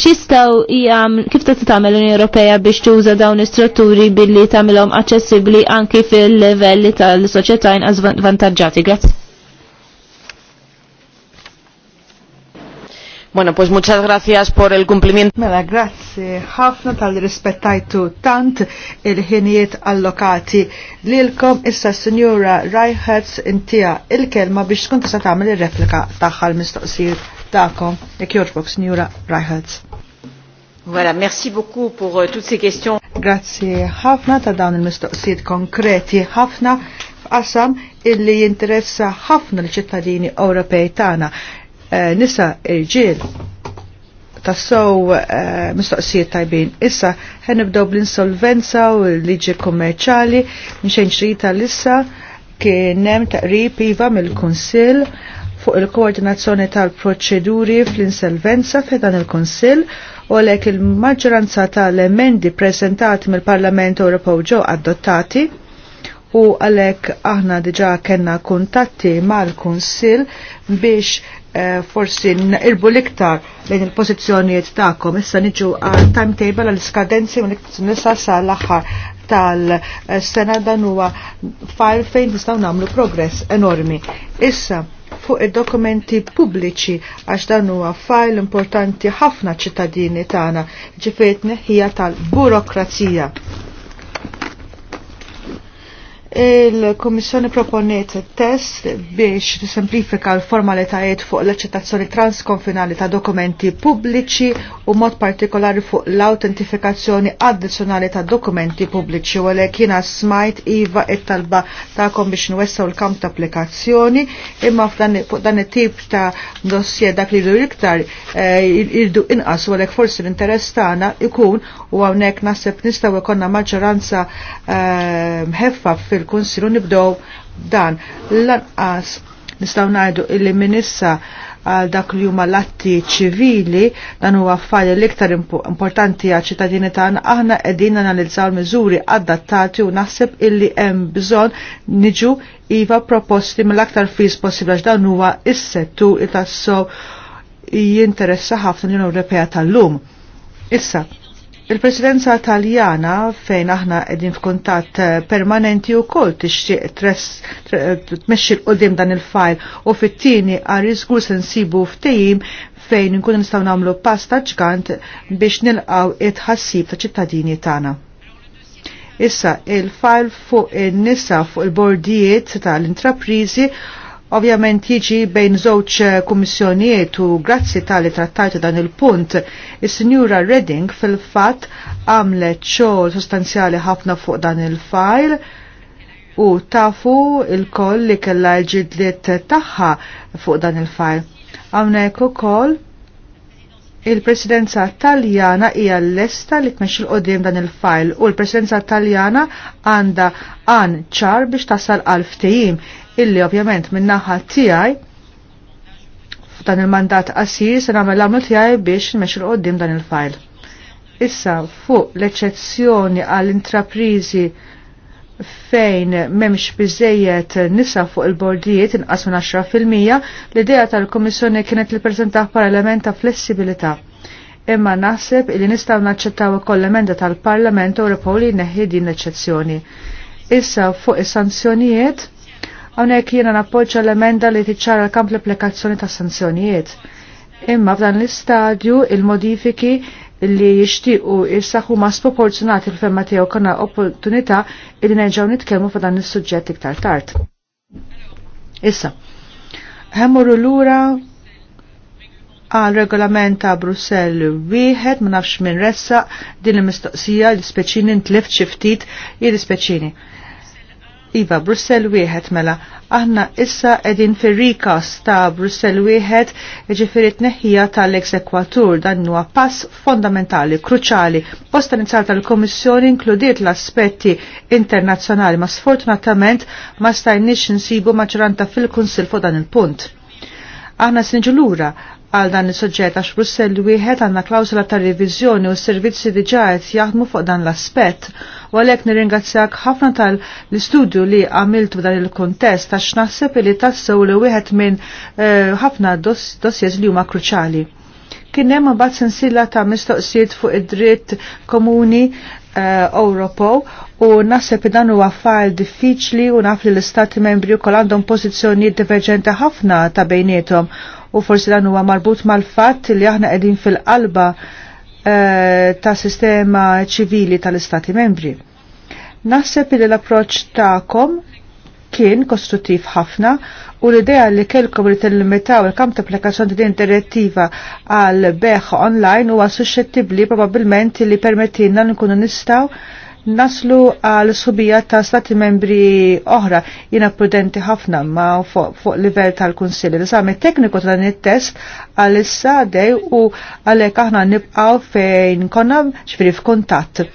X'istgħu jam kif tista' tagħmel l-Unjoni Ewropea biex tuża dawn is-strutturi billi tagħmilhom aċċessibbli anki fil-livelli tal-soċjetà inqas vantaġġati. Grazzi. Bueno, pues muchas gracias por el cumplimiento. Mela, grazzi ħafna tal-rispettajtu tant il-ħinijiet allokati lilkom issa signora sinjura Rajhertz intija il-kelma biex tkun tista' tagħmel ir-replika tagħha l-mistoqsijiet tagħkom. Jekk jorbok, signora Rajhertz. Voilà, merci beaucoup pour uh, toutes ces questions. Grazzi ħafna ta' dawn il-mistoqsijiet konkreti ħafna f'qasam illi jinteressa ħafna l-ċittadini Ewropej tagħna Eh, nisa irġiel tassow eh, mistoqsijiet tajbin. Issa ħen nibdew bl-insolvenza u l-liġi kommerċali, mxejn ċrita l-issa kien hemm taqrib iva mill-Kunsill fuq il-koordinazzjoni tal-proċeduri fl-insolvenza f'dan il-Kunsill u għalhekk il-maġġoranza tal-emendi presentati mill-Parlament Ewropew ġew adottati u għalhekk aħna diġa' kellna kuntatti mal-Kunsill biex Eh, forsi irbu liktar lejn il-pozizjonijiet ta'kom. Issa niġu għal timetable għal skadenzi u nisa l aħħar tal-sena dan huwa file fejn nistgħu nagħmlu progress enormi. Issa fuq id-dokumenti pubbliċi għax dan huwa file importanti ħafna ċittadini tagħna ġifiet hija tal-burokrazija. Il-Komissjoni proponiet test biex t-semplifika l-formalitajiet fuq l-accettazzjoni transkonfinali ta' dokumenti pubbliċi u mod partikolari fuq l-autentifikazzjoni addizzjonali ta' dokumenti pubbliċi u għalek jina smajt iva it talba ta' biex n-wessaw l-kamp ta' applikazzjoni imma fuq dan it-tip ta' dossier dak li jridu iktar eh, irdu inqas u għalek forsi l-interess tagħna ikun u hawnhekk naħseb nistaw ikonna maġġoranza eh, ħeffa fil il konsilu nibdow dan. Lanqas nistaw najdu illi minissa għal dak li huma l-atti ċivili dan huwa affarijiet l-iktar importanti għal ċittadini tagħna aħna qegħdin analizzaw miżuri adattati u naħseb illi hemm bżonn niġu iva proposti mill-aktar fis possibbli għax dan huwa is-settur li jinteressa ħafna l-Unjoni Ewropea tal-lum. Issa, Il-presidenza taljana fejn aħna edin f'kuntatt eh, permanenti u kol tixtieq tmexxi l-qudiem dan il-fajl u fit-tieni għarri żgur se nsibu ftehim fejn nkun nistgħu nagħmlu pasta ġgant biex nilqaw it-ħassib ta' ċittadini tagħna. Issa il-fajl fuq in-nisa fuq il-bordijiet tal-intraprizi ovvjament jiġi bejn żewġ eh, kummissjonijiet u grazzi tali trattajtu dan il-punt, is-Sinjura Redding fil-fatt għamlet xogħol sostanzjali ħafna fuq dan il file u tafu il-koll li kella ġidliet tagħha fuq dan il file Hawnhekk ukoll il-presidenza taljana hija l-lesta li tmexxi l-qoddim dan il file u l-presidenza taljana għandha għan ċar biex tasal għal ftehim illi ovvjament min-naħa tiegħi f'dan il-mandat qasir se nagħmel l-għamlu tiegħi biex nmexxu qoddim dan il-fajl. Issa fuq l-eċezzjoni għall-intraprizi fejn memx biżejjed nisa fuq il-bordijiet inqas minn 10% l-idea tal kummissjoni kienet li preżentaħ parlament ta' flessibilità. Imma naħseb li nistgħu naċċettaw ukoll emenda tal-Parlament Ewropew li neħħi din l-eċċezzjoni. Issa fuq is-sanzjonijiet Hawnhekk jiena nappoġġa l-emenda li tiċċara l-kamp l-applikazzjoni ta' sanzjonijiet. Imma f'dan l-istadju il-modifiki li jixtiequ jissaħu ma sproporzjonati l-femma tiegħu konna opportunità li nerġgħu nitkellmu f'dan is-suġġett iktar tard. Issa, ħemmurru lura għal regolament ta' Brussell wieħed ma nafx minn ressa din il-mistoqsija l-speċini ntlift xiftit jiri speċini. Iva, Brussel wieħed mela. Aħna issa edin fir-rikas ta' Brussel wieħed ġifiri tneħħija tal-eksekwatur dan huwa pass fondamentali, kruċali. Posta nizzar tal-Komissjoni inkludiet l-aspetti internazzjonali ma sfortunatament ma stajniex nsibu maġranta fil-Kunsil fuq dan il-punt. Aħna sinġu lura għal dan is-soġġett għax Brussell wieħed għandna klawsula ta' riviżjoni u s-servizzi diġajt jaħdmu fuq dan l-aspett. U għalhekk nirringrazzjak ħafna tal-istudju li għamiltu dan il-kontest għax naħseb li tassew li wieħed minn eh, ħafna dossiers li huma kruċali. Kien hemm imbagħad sensilla ta' mistoqsijiet fuq id-dritt komuni eh, Ewropew u naħseb dan huwa fajl diffiċli u naf li l-istati membri wkoll għandhom pożizzjonijiet diverġenti ħafna ta' bejniethom u forsi dan huwa marbut mal-fatt li aħna qegħdin fil-qalba eh, ta' sistema ċivili tal-Istati membri. Naħseb li l-approċ ta'kom kien kostruttiv ħafna u l-idea li kelkom li tillimitaw il-kamp ta' applikazzjoni din direttiva għal beħħa online huwa suscettibbli probabbilment li permettilna nkunu nistgħu naslu għal subija ta' stati membri oħra jina prudenti ħafna ma fuq fu livell tal-Kunsilli. L-esame tekniku ta' dan it-test għal sadej u għalek aħna nibqaw fejn konna x'fri f'kuntatt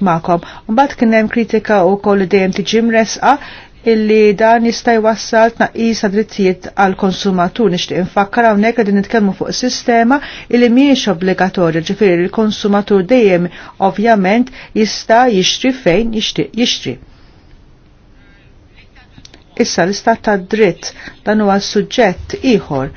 ma'kom. Mbagħad kien hemm kritika wkoll dejjem tiġi mresqa illi dan jista' jwassal tnaqqis drittijiet għal konsumatur nixtieq infakkar hawnhekk qegħdin nitkellmu fuq sistema illi mhijiex obbligatorja, ġifieri l konsumatur dejjem ovvjament jista' jixtri fejn jixtieq jixtri. Issa l-istat ta' dritt dan huwa suġġett ieħor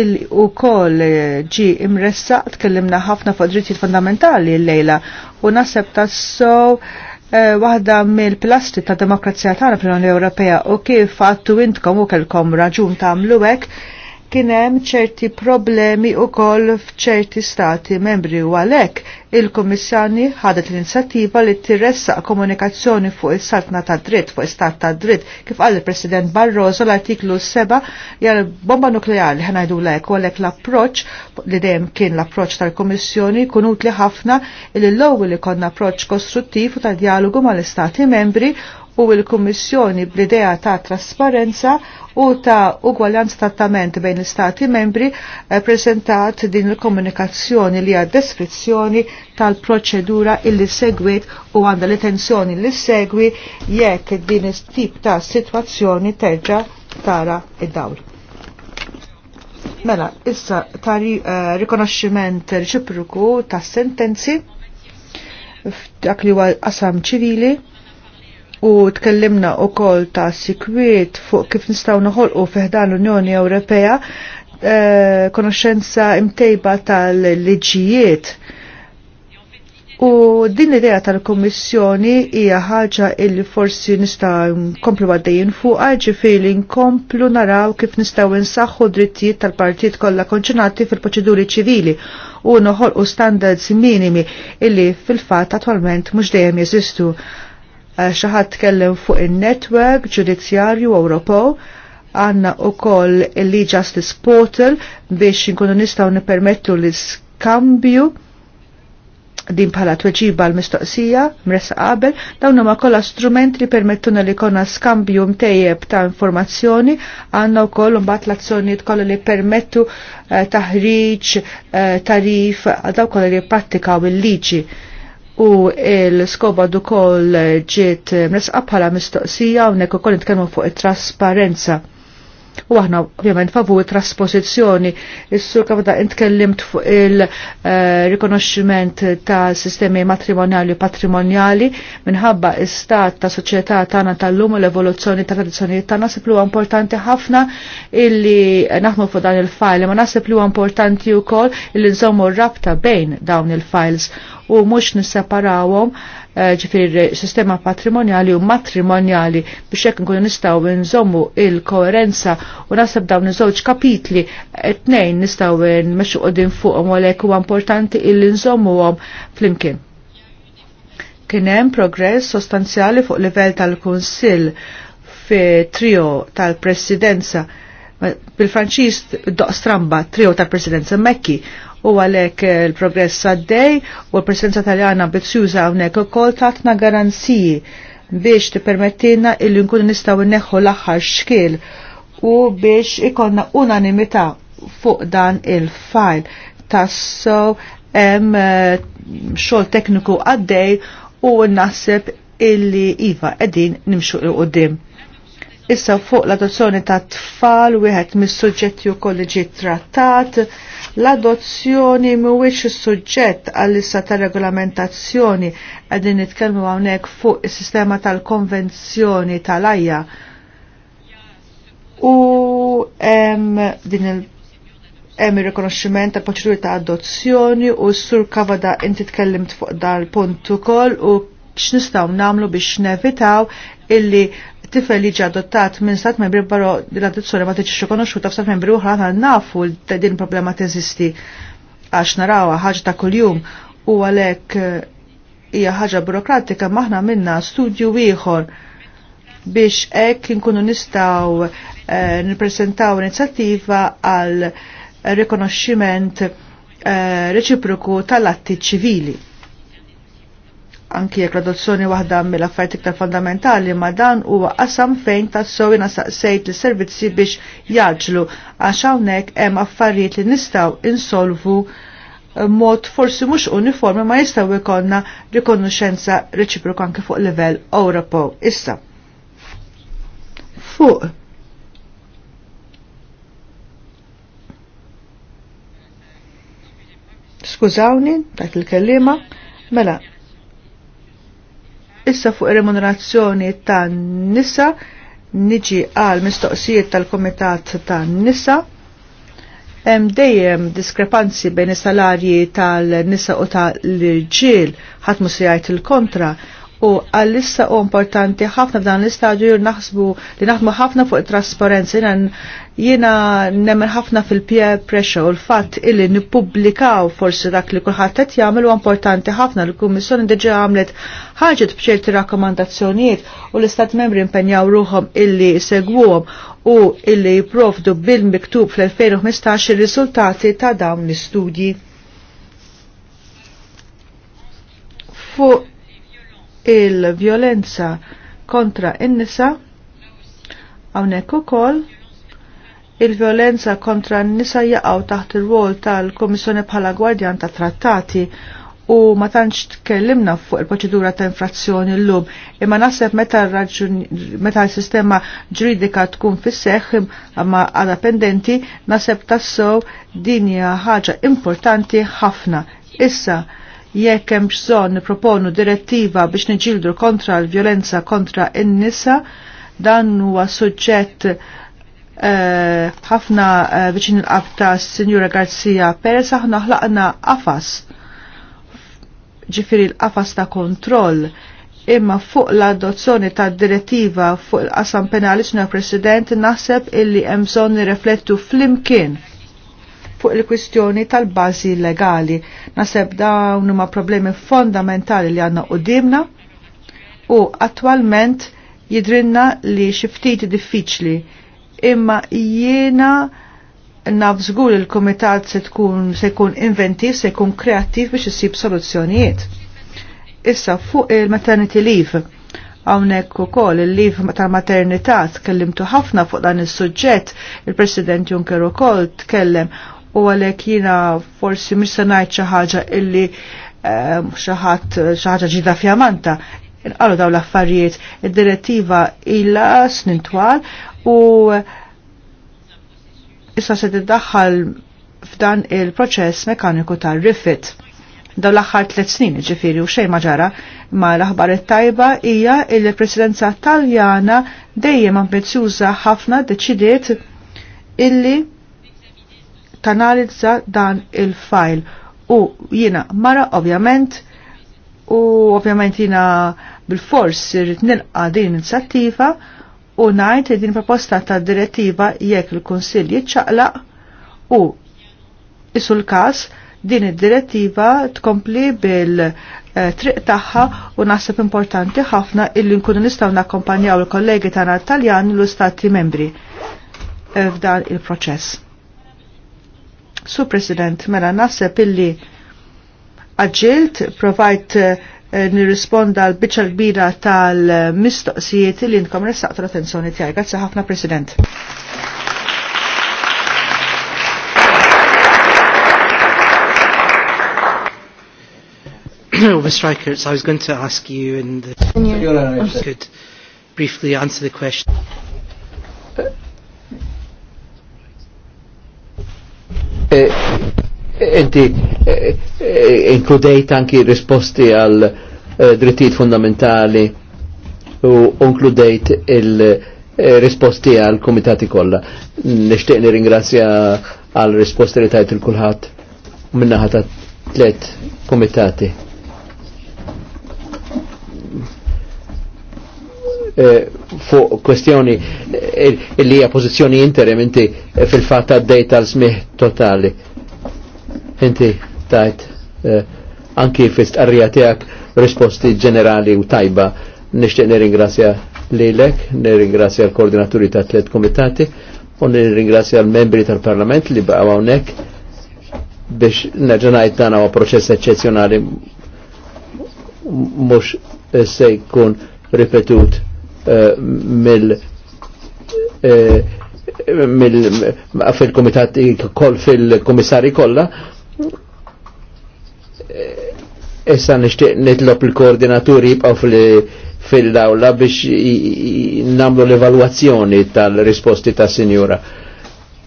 il u koll ġi imressa tkellimna ħafna fuq drittijiet fundamentali l-lejla u naseb tassow so Eh, waħda mill-plasti ta' demokrazija tagħna fl-Unjoni Ewropea u kif għattu intkom u kelkom raġun tagħmlu hekk kienem ċerti problemi u koll fċerti stati membri u għalek il-Komissjoni ħadet l-inizjattiva li tirressa komunikazzjoni fuq is saltna ta' dritt fuq is stat ta' dritt kif qal il-President Barroso l-artiklu 7 jgħal bomba nukleari ħanajdu lek u għalek l-approċ li dejjem kien l-approċ tal-Komissjoni kun utli ħafna il l-ewwel li konna kostruttiv u ta' dialogu mal-Istati membri u l-Kummissjoni bl-idea ta' trasparenza u ta' ugwaljanz trattament bejn l-Stati membri eh, prezentat din il-komunikazzjoni li għad deskrizzjoni tal-proċedura illi segwit u għanda l-tensjoni li segwi jekk din tip ta' situazzjoni terġa tara id-dawl. Mela, issa ta' uh, eh, rikonoxximent reċipruku ta' sentenzi f'dak li huwa qasam ċivili u tkellimna u kol ta' sikwiet fuq kif nistaw noħolqu fiħdan l-Unjoni Ewropea eh, konoxenza imtejba tal-liġijiet. U din l-idea tal-Kommissjoni hija ħaġa illi forsi nista' nkomplu għaddejjin fuqha ġifieri nkomplu naraw kif nistgħu insaħħu drittijiet tal-partijiet kollha konċenati fil-proċeduri ċivili u noħolqu standards minimi illi fil-fatt attwalment mhux dejjem jeżistu Eh, xaħat tkellem fuq il-network ġudizzjarju Ewropew għanna u koll l-e-justice portal biex nkunu nistaw nipermettu l-skambju din bħala tweġiba l-mistoqsija, mresa qabel, dawn huma kollha strument li permettuna li konna skambju mtejjeb ta' informazzjoni, għandna wkoll mbagħad l-azzjonijiet kollha li permettu eh, taħriġ, eh, tarif, daw kollha li jippattikaw il-liġi u l-skoba du kol ġiet mresqa bħala mistoqsija u nekku kol nitkellmu fuq it-trasparenza. U aħna ovvjament il trasposizjoni, is-sur kabda intkellimt fuq il-rikonoxximent ta' sistemi matrimonjali u patrimonjali minħabba istat ta' soċjetà tagħna tal-lum u l-evoluzzjoni ta' tradizzjonijiet tagħna nasib huwa importanti ħafna illi naħmu fuq dan il-file, ma li huwa importanti wkoll illi nżommu rabta bejn dawn il-files u mhux nisseparawhom eh, ġifir sistema patrimonjali u matrimonjali biex jek nkunu nistgħu nżommu il-koerenza u naħseb dawn iż-żewġ kapitli tnejn nistgħu nmexxu qudiem fuqhom għalhekk huwa importanti illi nżommuhom flimkien. Kien hemm progress sostanzjali fuq livell tal-Kunsill fi trio tal-presidenza bil franċist doq stramba trio tal-presidenza Mekki u għalek il-progress eh, għaddej u l-presenza taljana bizzjuża għonek u kol taħtna garanziji biex ti permettina illi nkunu nistaw neħu l xkil u biex ikonna unanimita fuq dan il-fajl tasso em eh, xol tekniku għaddej u naħseb illi Iva edin nimxu il-qoddim issa fuq l-adozzjoni ta' tfal wieħed mis-suġġetti u kolli trattat L-adozzjoni mhuwiex is-suġġett għall-issa ta' regolamentazzjoni qegħdin nitkellmu hawnhekk fuq is-sistema tal-konvenzjoni tal-ajja. U hemm din il hemm ir-rikonoxximent ta' proċeduri ta' adozzjoni u s-sur Kavada inti tkellimt fuq dal-punt ukoll u x'nistgħu nagħmlu biex nevitaw illi tifel li ġa adottat minn sat membri barra l-adozzjoni ma tiġix rikonoxxuta sat membri oħra għandna nafu din problema teżisti għax narawha ħaġa ta' kuljum u għalhekk eh, hija ħaġa burokratika maħna minna studju ieħor biex hekk inkunu nistgħu eh, nipresentaw nippreżentaw inizjattiva għal rikonoxximent eh, reċiproku tal-atti ċivili anki jekk l-adozzjoni waħda mill-affarijiet iktar fondamentali ma dan huwa qasam fejn tassew sejt li servizzi biex jaġlu għax hawnhekk hemm affarijiet li nistgħu insolvu eh, mod forsi mhux uniformi ma jistgħu jkollna rikonoxenza reċiproka anke fuq livell Ewropew. Issa. Fuq Skużawni, tat il-kellima, mela, Issa fuq remunerazzjoni tan nisa niġi għal mistoqsijiet tal-Komitat tan nisa hemm dejjem diskrepanzi bejn is-salarji tal-nisa u tal ġiel ħadd mhux se jgħid il-kontra u għallissa u importanti ħafna f'dan l-istadju naħsbu li naħdmu ħafna fuq trasparenzi jiena nemmen ħafna fil-peer pressure u l-fatt illi nippubblikaw forsi dak li kulħadd qed jagħmel huwa importanti ħafna l-Kummissjoni diġà għamlet ħaġet b'ċerti rakkomandazzjonijiet u l-Istat membri impenjaw ruhom illi segwuhom u illi jipprovdu bil-miktub fl-2015 ir-riżultati ta' dawn l-istudji. Fuq il-violenza kontra in-nisa hawnhekk ukoll il-violenza kontra n-nisa jaqgħu taħt ir-rol tal-Komissjoni bħala Gwardjan ta' Trattati u ma tantx tkellimna fuq il-proċedura ta' infrazzjoni llum, imma naħseb meta meta l-sistema ġuridika tkun fis-seħħ ma għadha pendenti naħseb tassew din hija ħaġa importanti ħafna. Issa jekk hemm bżonn nipproponu direttiva biex niġildu kontra l-vjolenza kontra in-nisa, dan huwa suġġett eh, ħafna uh, uh, viċin il-qab ta' Sinjura Garzija Perez aħna ħlaqna qafas ġifiri l-qafas ta' kontroll imma fuq l-adozzjoni ta' direttiva fuq il-qasam penali Sinjura President naħseb illi hemm bżonn nirreflettu flimkien fuq il-kwistjoni tal-bażi legali. Naseb dawn huma problemi fondamentali li għandna dimna u attualment jidrinna li xi ftit diffiċli imma jiena naf il-kumitat se tkun se jkun inventiv, se jkun kreattiv biex isib soluzzjonijiet. Issa fuq il-maternity leave għawnek u kol il leave tal-maternità tkellimtu ħafna fuq dan il-sujġet, il-President Juncker u kol tkellem u għalek jina forsi mis sanajt xaħġa illi eh, xaħat xaħġa ġida fjamanta. Inqalu daw l-affarijiet, id-direttiva illa snin twal u issa se tiddaħħal f'dan il-proċess mekaniku tal-rifit. Daw l-axħar tliet snin ġifiri u xej maġara ma l-aħbar tajba hija il-presidenza taljana dejjem ambizjuża ħafna deċidiet illi tanalizza dan il-fajl u jina mara ovvjament u ovvjament jina bil-fors irrit nilqa din inizjattiva u najt li din proposta ta' direttiva jekk il-Konsil jiċċaqlaq u isu l-kas din id-direttiva tkompli bil-triq eh, tagħha u naħseb importanti ħafna illi nkunu nistgħu nakkompanjaw il-kollegi tagħna Taljan l-Istati membri eh, f'dan il-proċess. Su President, mela naħseb illi għagġilt, provajt eh, nirrisponda għal biċċa kbira tal-mistoqsijiet li nkom ressaqt l-attenzjoni tiegħi. Grazzi ħafna President. Mr. Reichertz, I was going to ask you and the... Uh, could briefly answer the question. Eh, eh, inti eh, inkludejt anki risposti għal drittijiet fundamentali u inkludejt il-risposti għal komitati kolla. Nishtiq ringrazzja għal risposti li tajt il-kulħat minnaħat tlet komitati. Eh, fuq kwestjoni eh, li hija pożizzjoni interim inti eh, fil-fatt għaddej tal-smih totali. Inti tajt anki fil-stqarrija tiegħek risposti ġenerali u tajba nixtieq nirringrazzja lilek, nirringrazzja l-koordinaturi ta' tliet komitati u nirringrazzja l-membri tal-Parlament li baqgħu hawnhekk biex naġunajt dan u proċess eccezjonali mux se jkun ripetut Eh, mill eh, mill fil-komitat kol fil-komissari kollha eh, issa nixtieq nitlob il-koordinaturi jibqgħu fil-dawla biex namlu l-evalwazzjoni tal-risposti ta' sinjura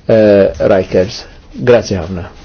Rikers. Grazie ħafna.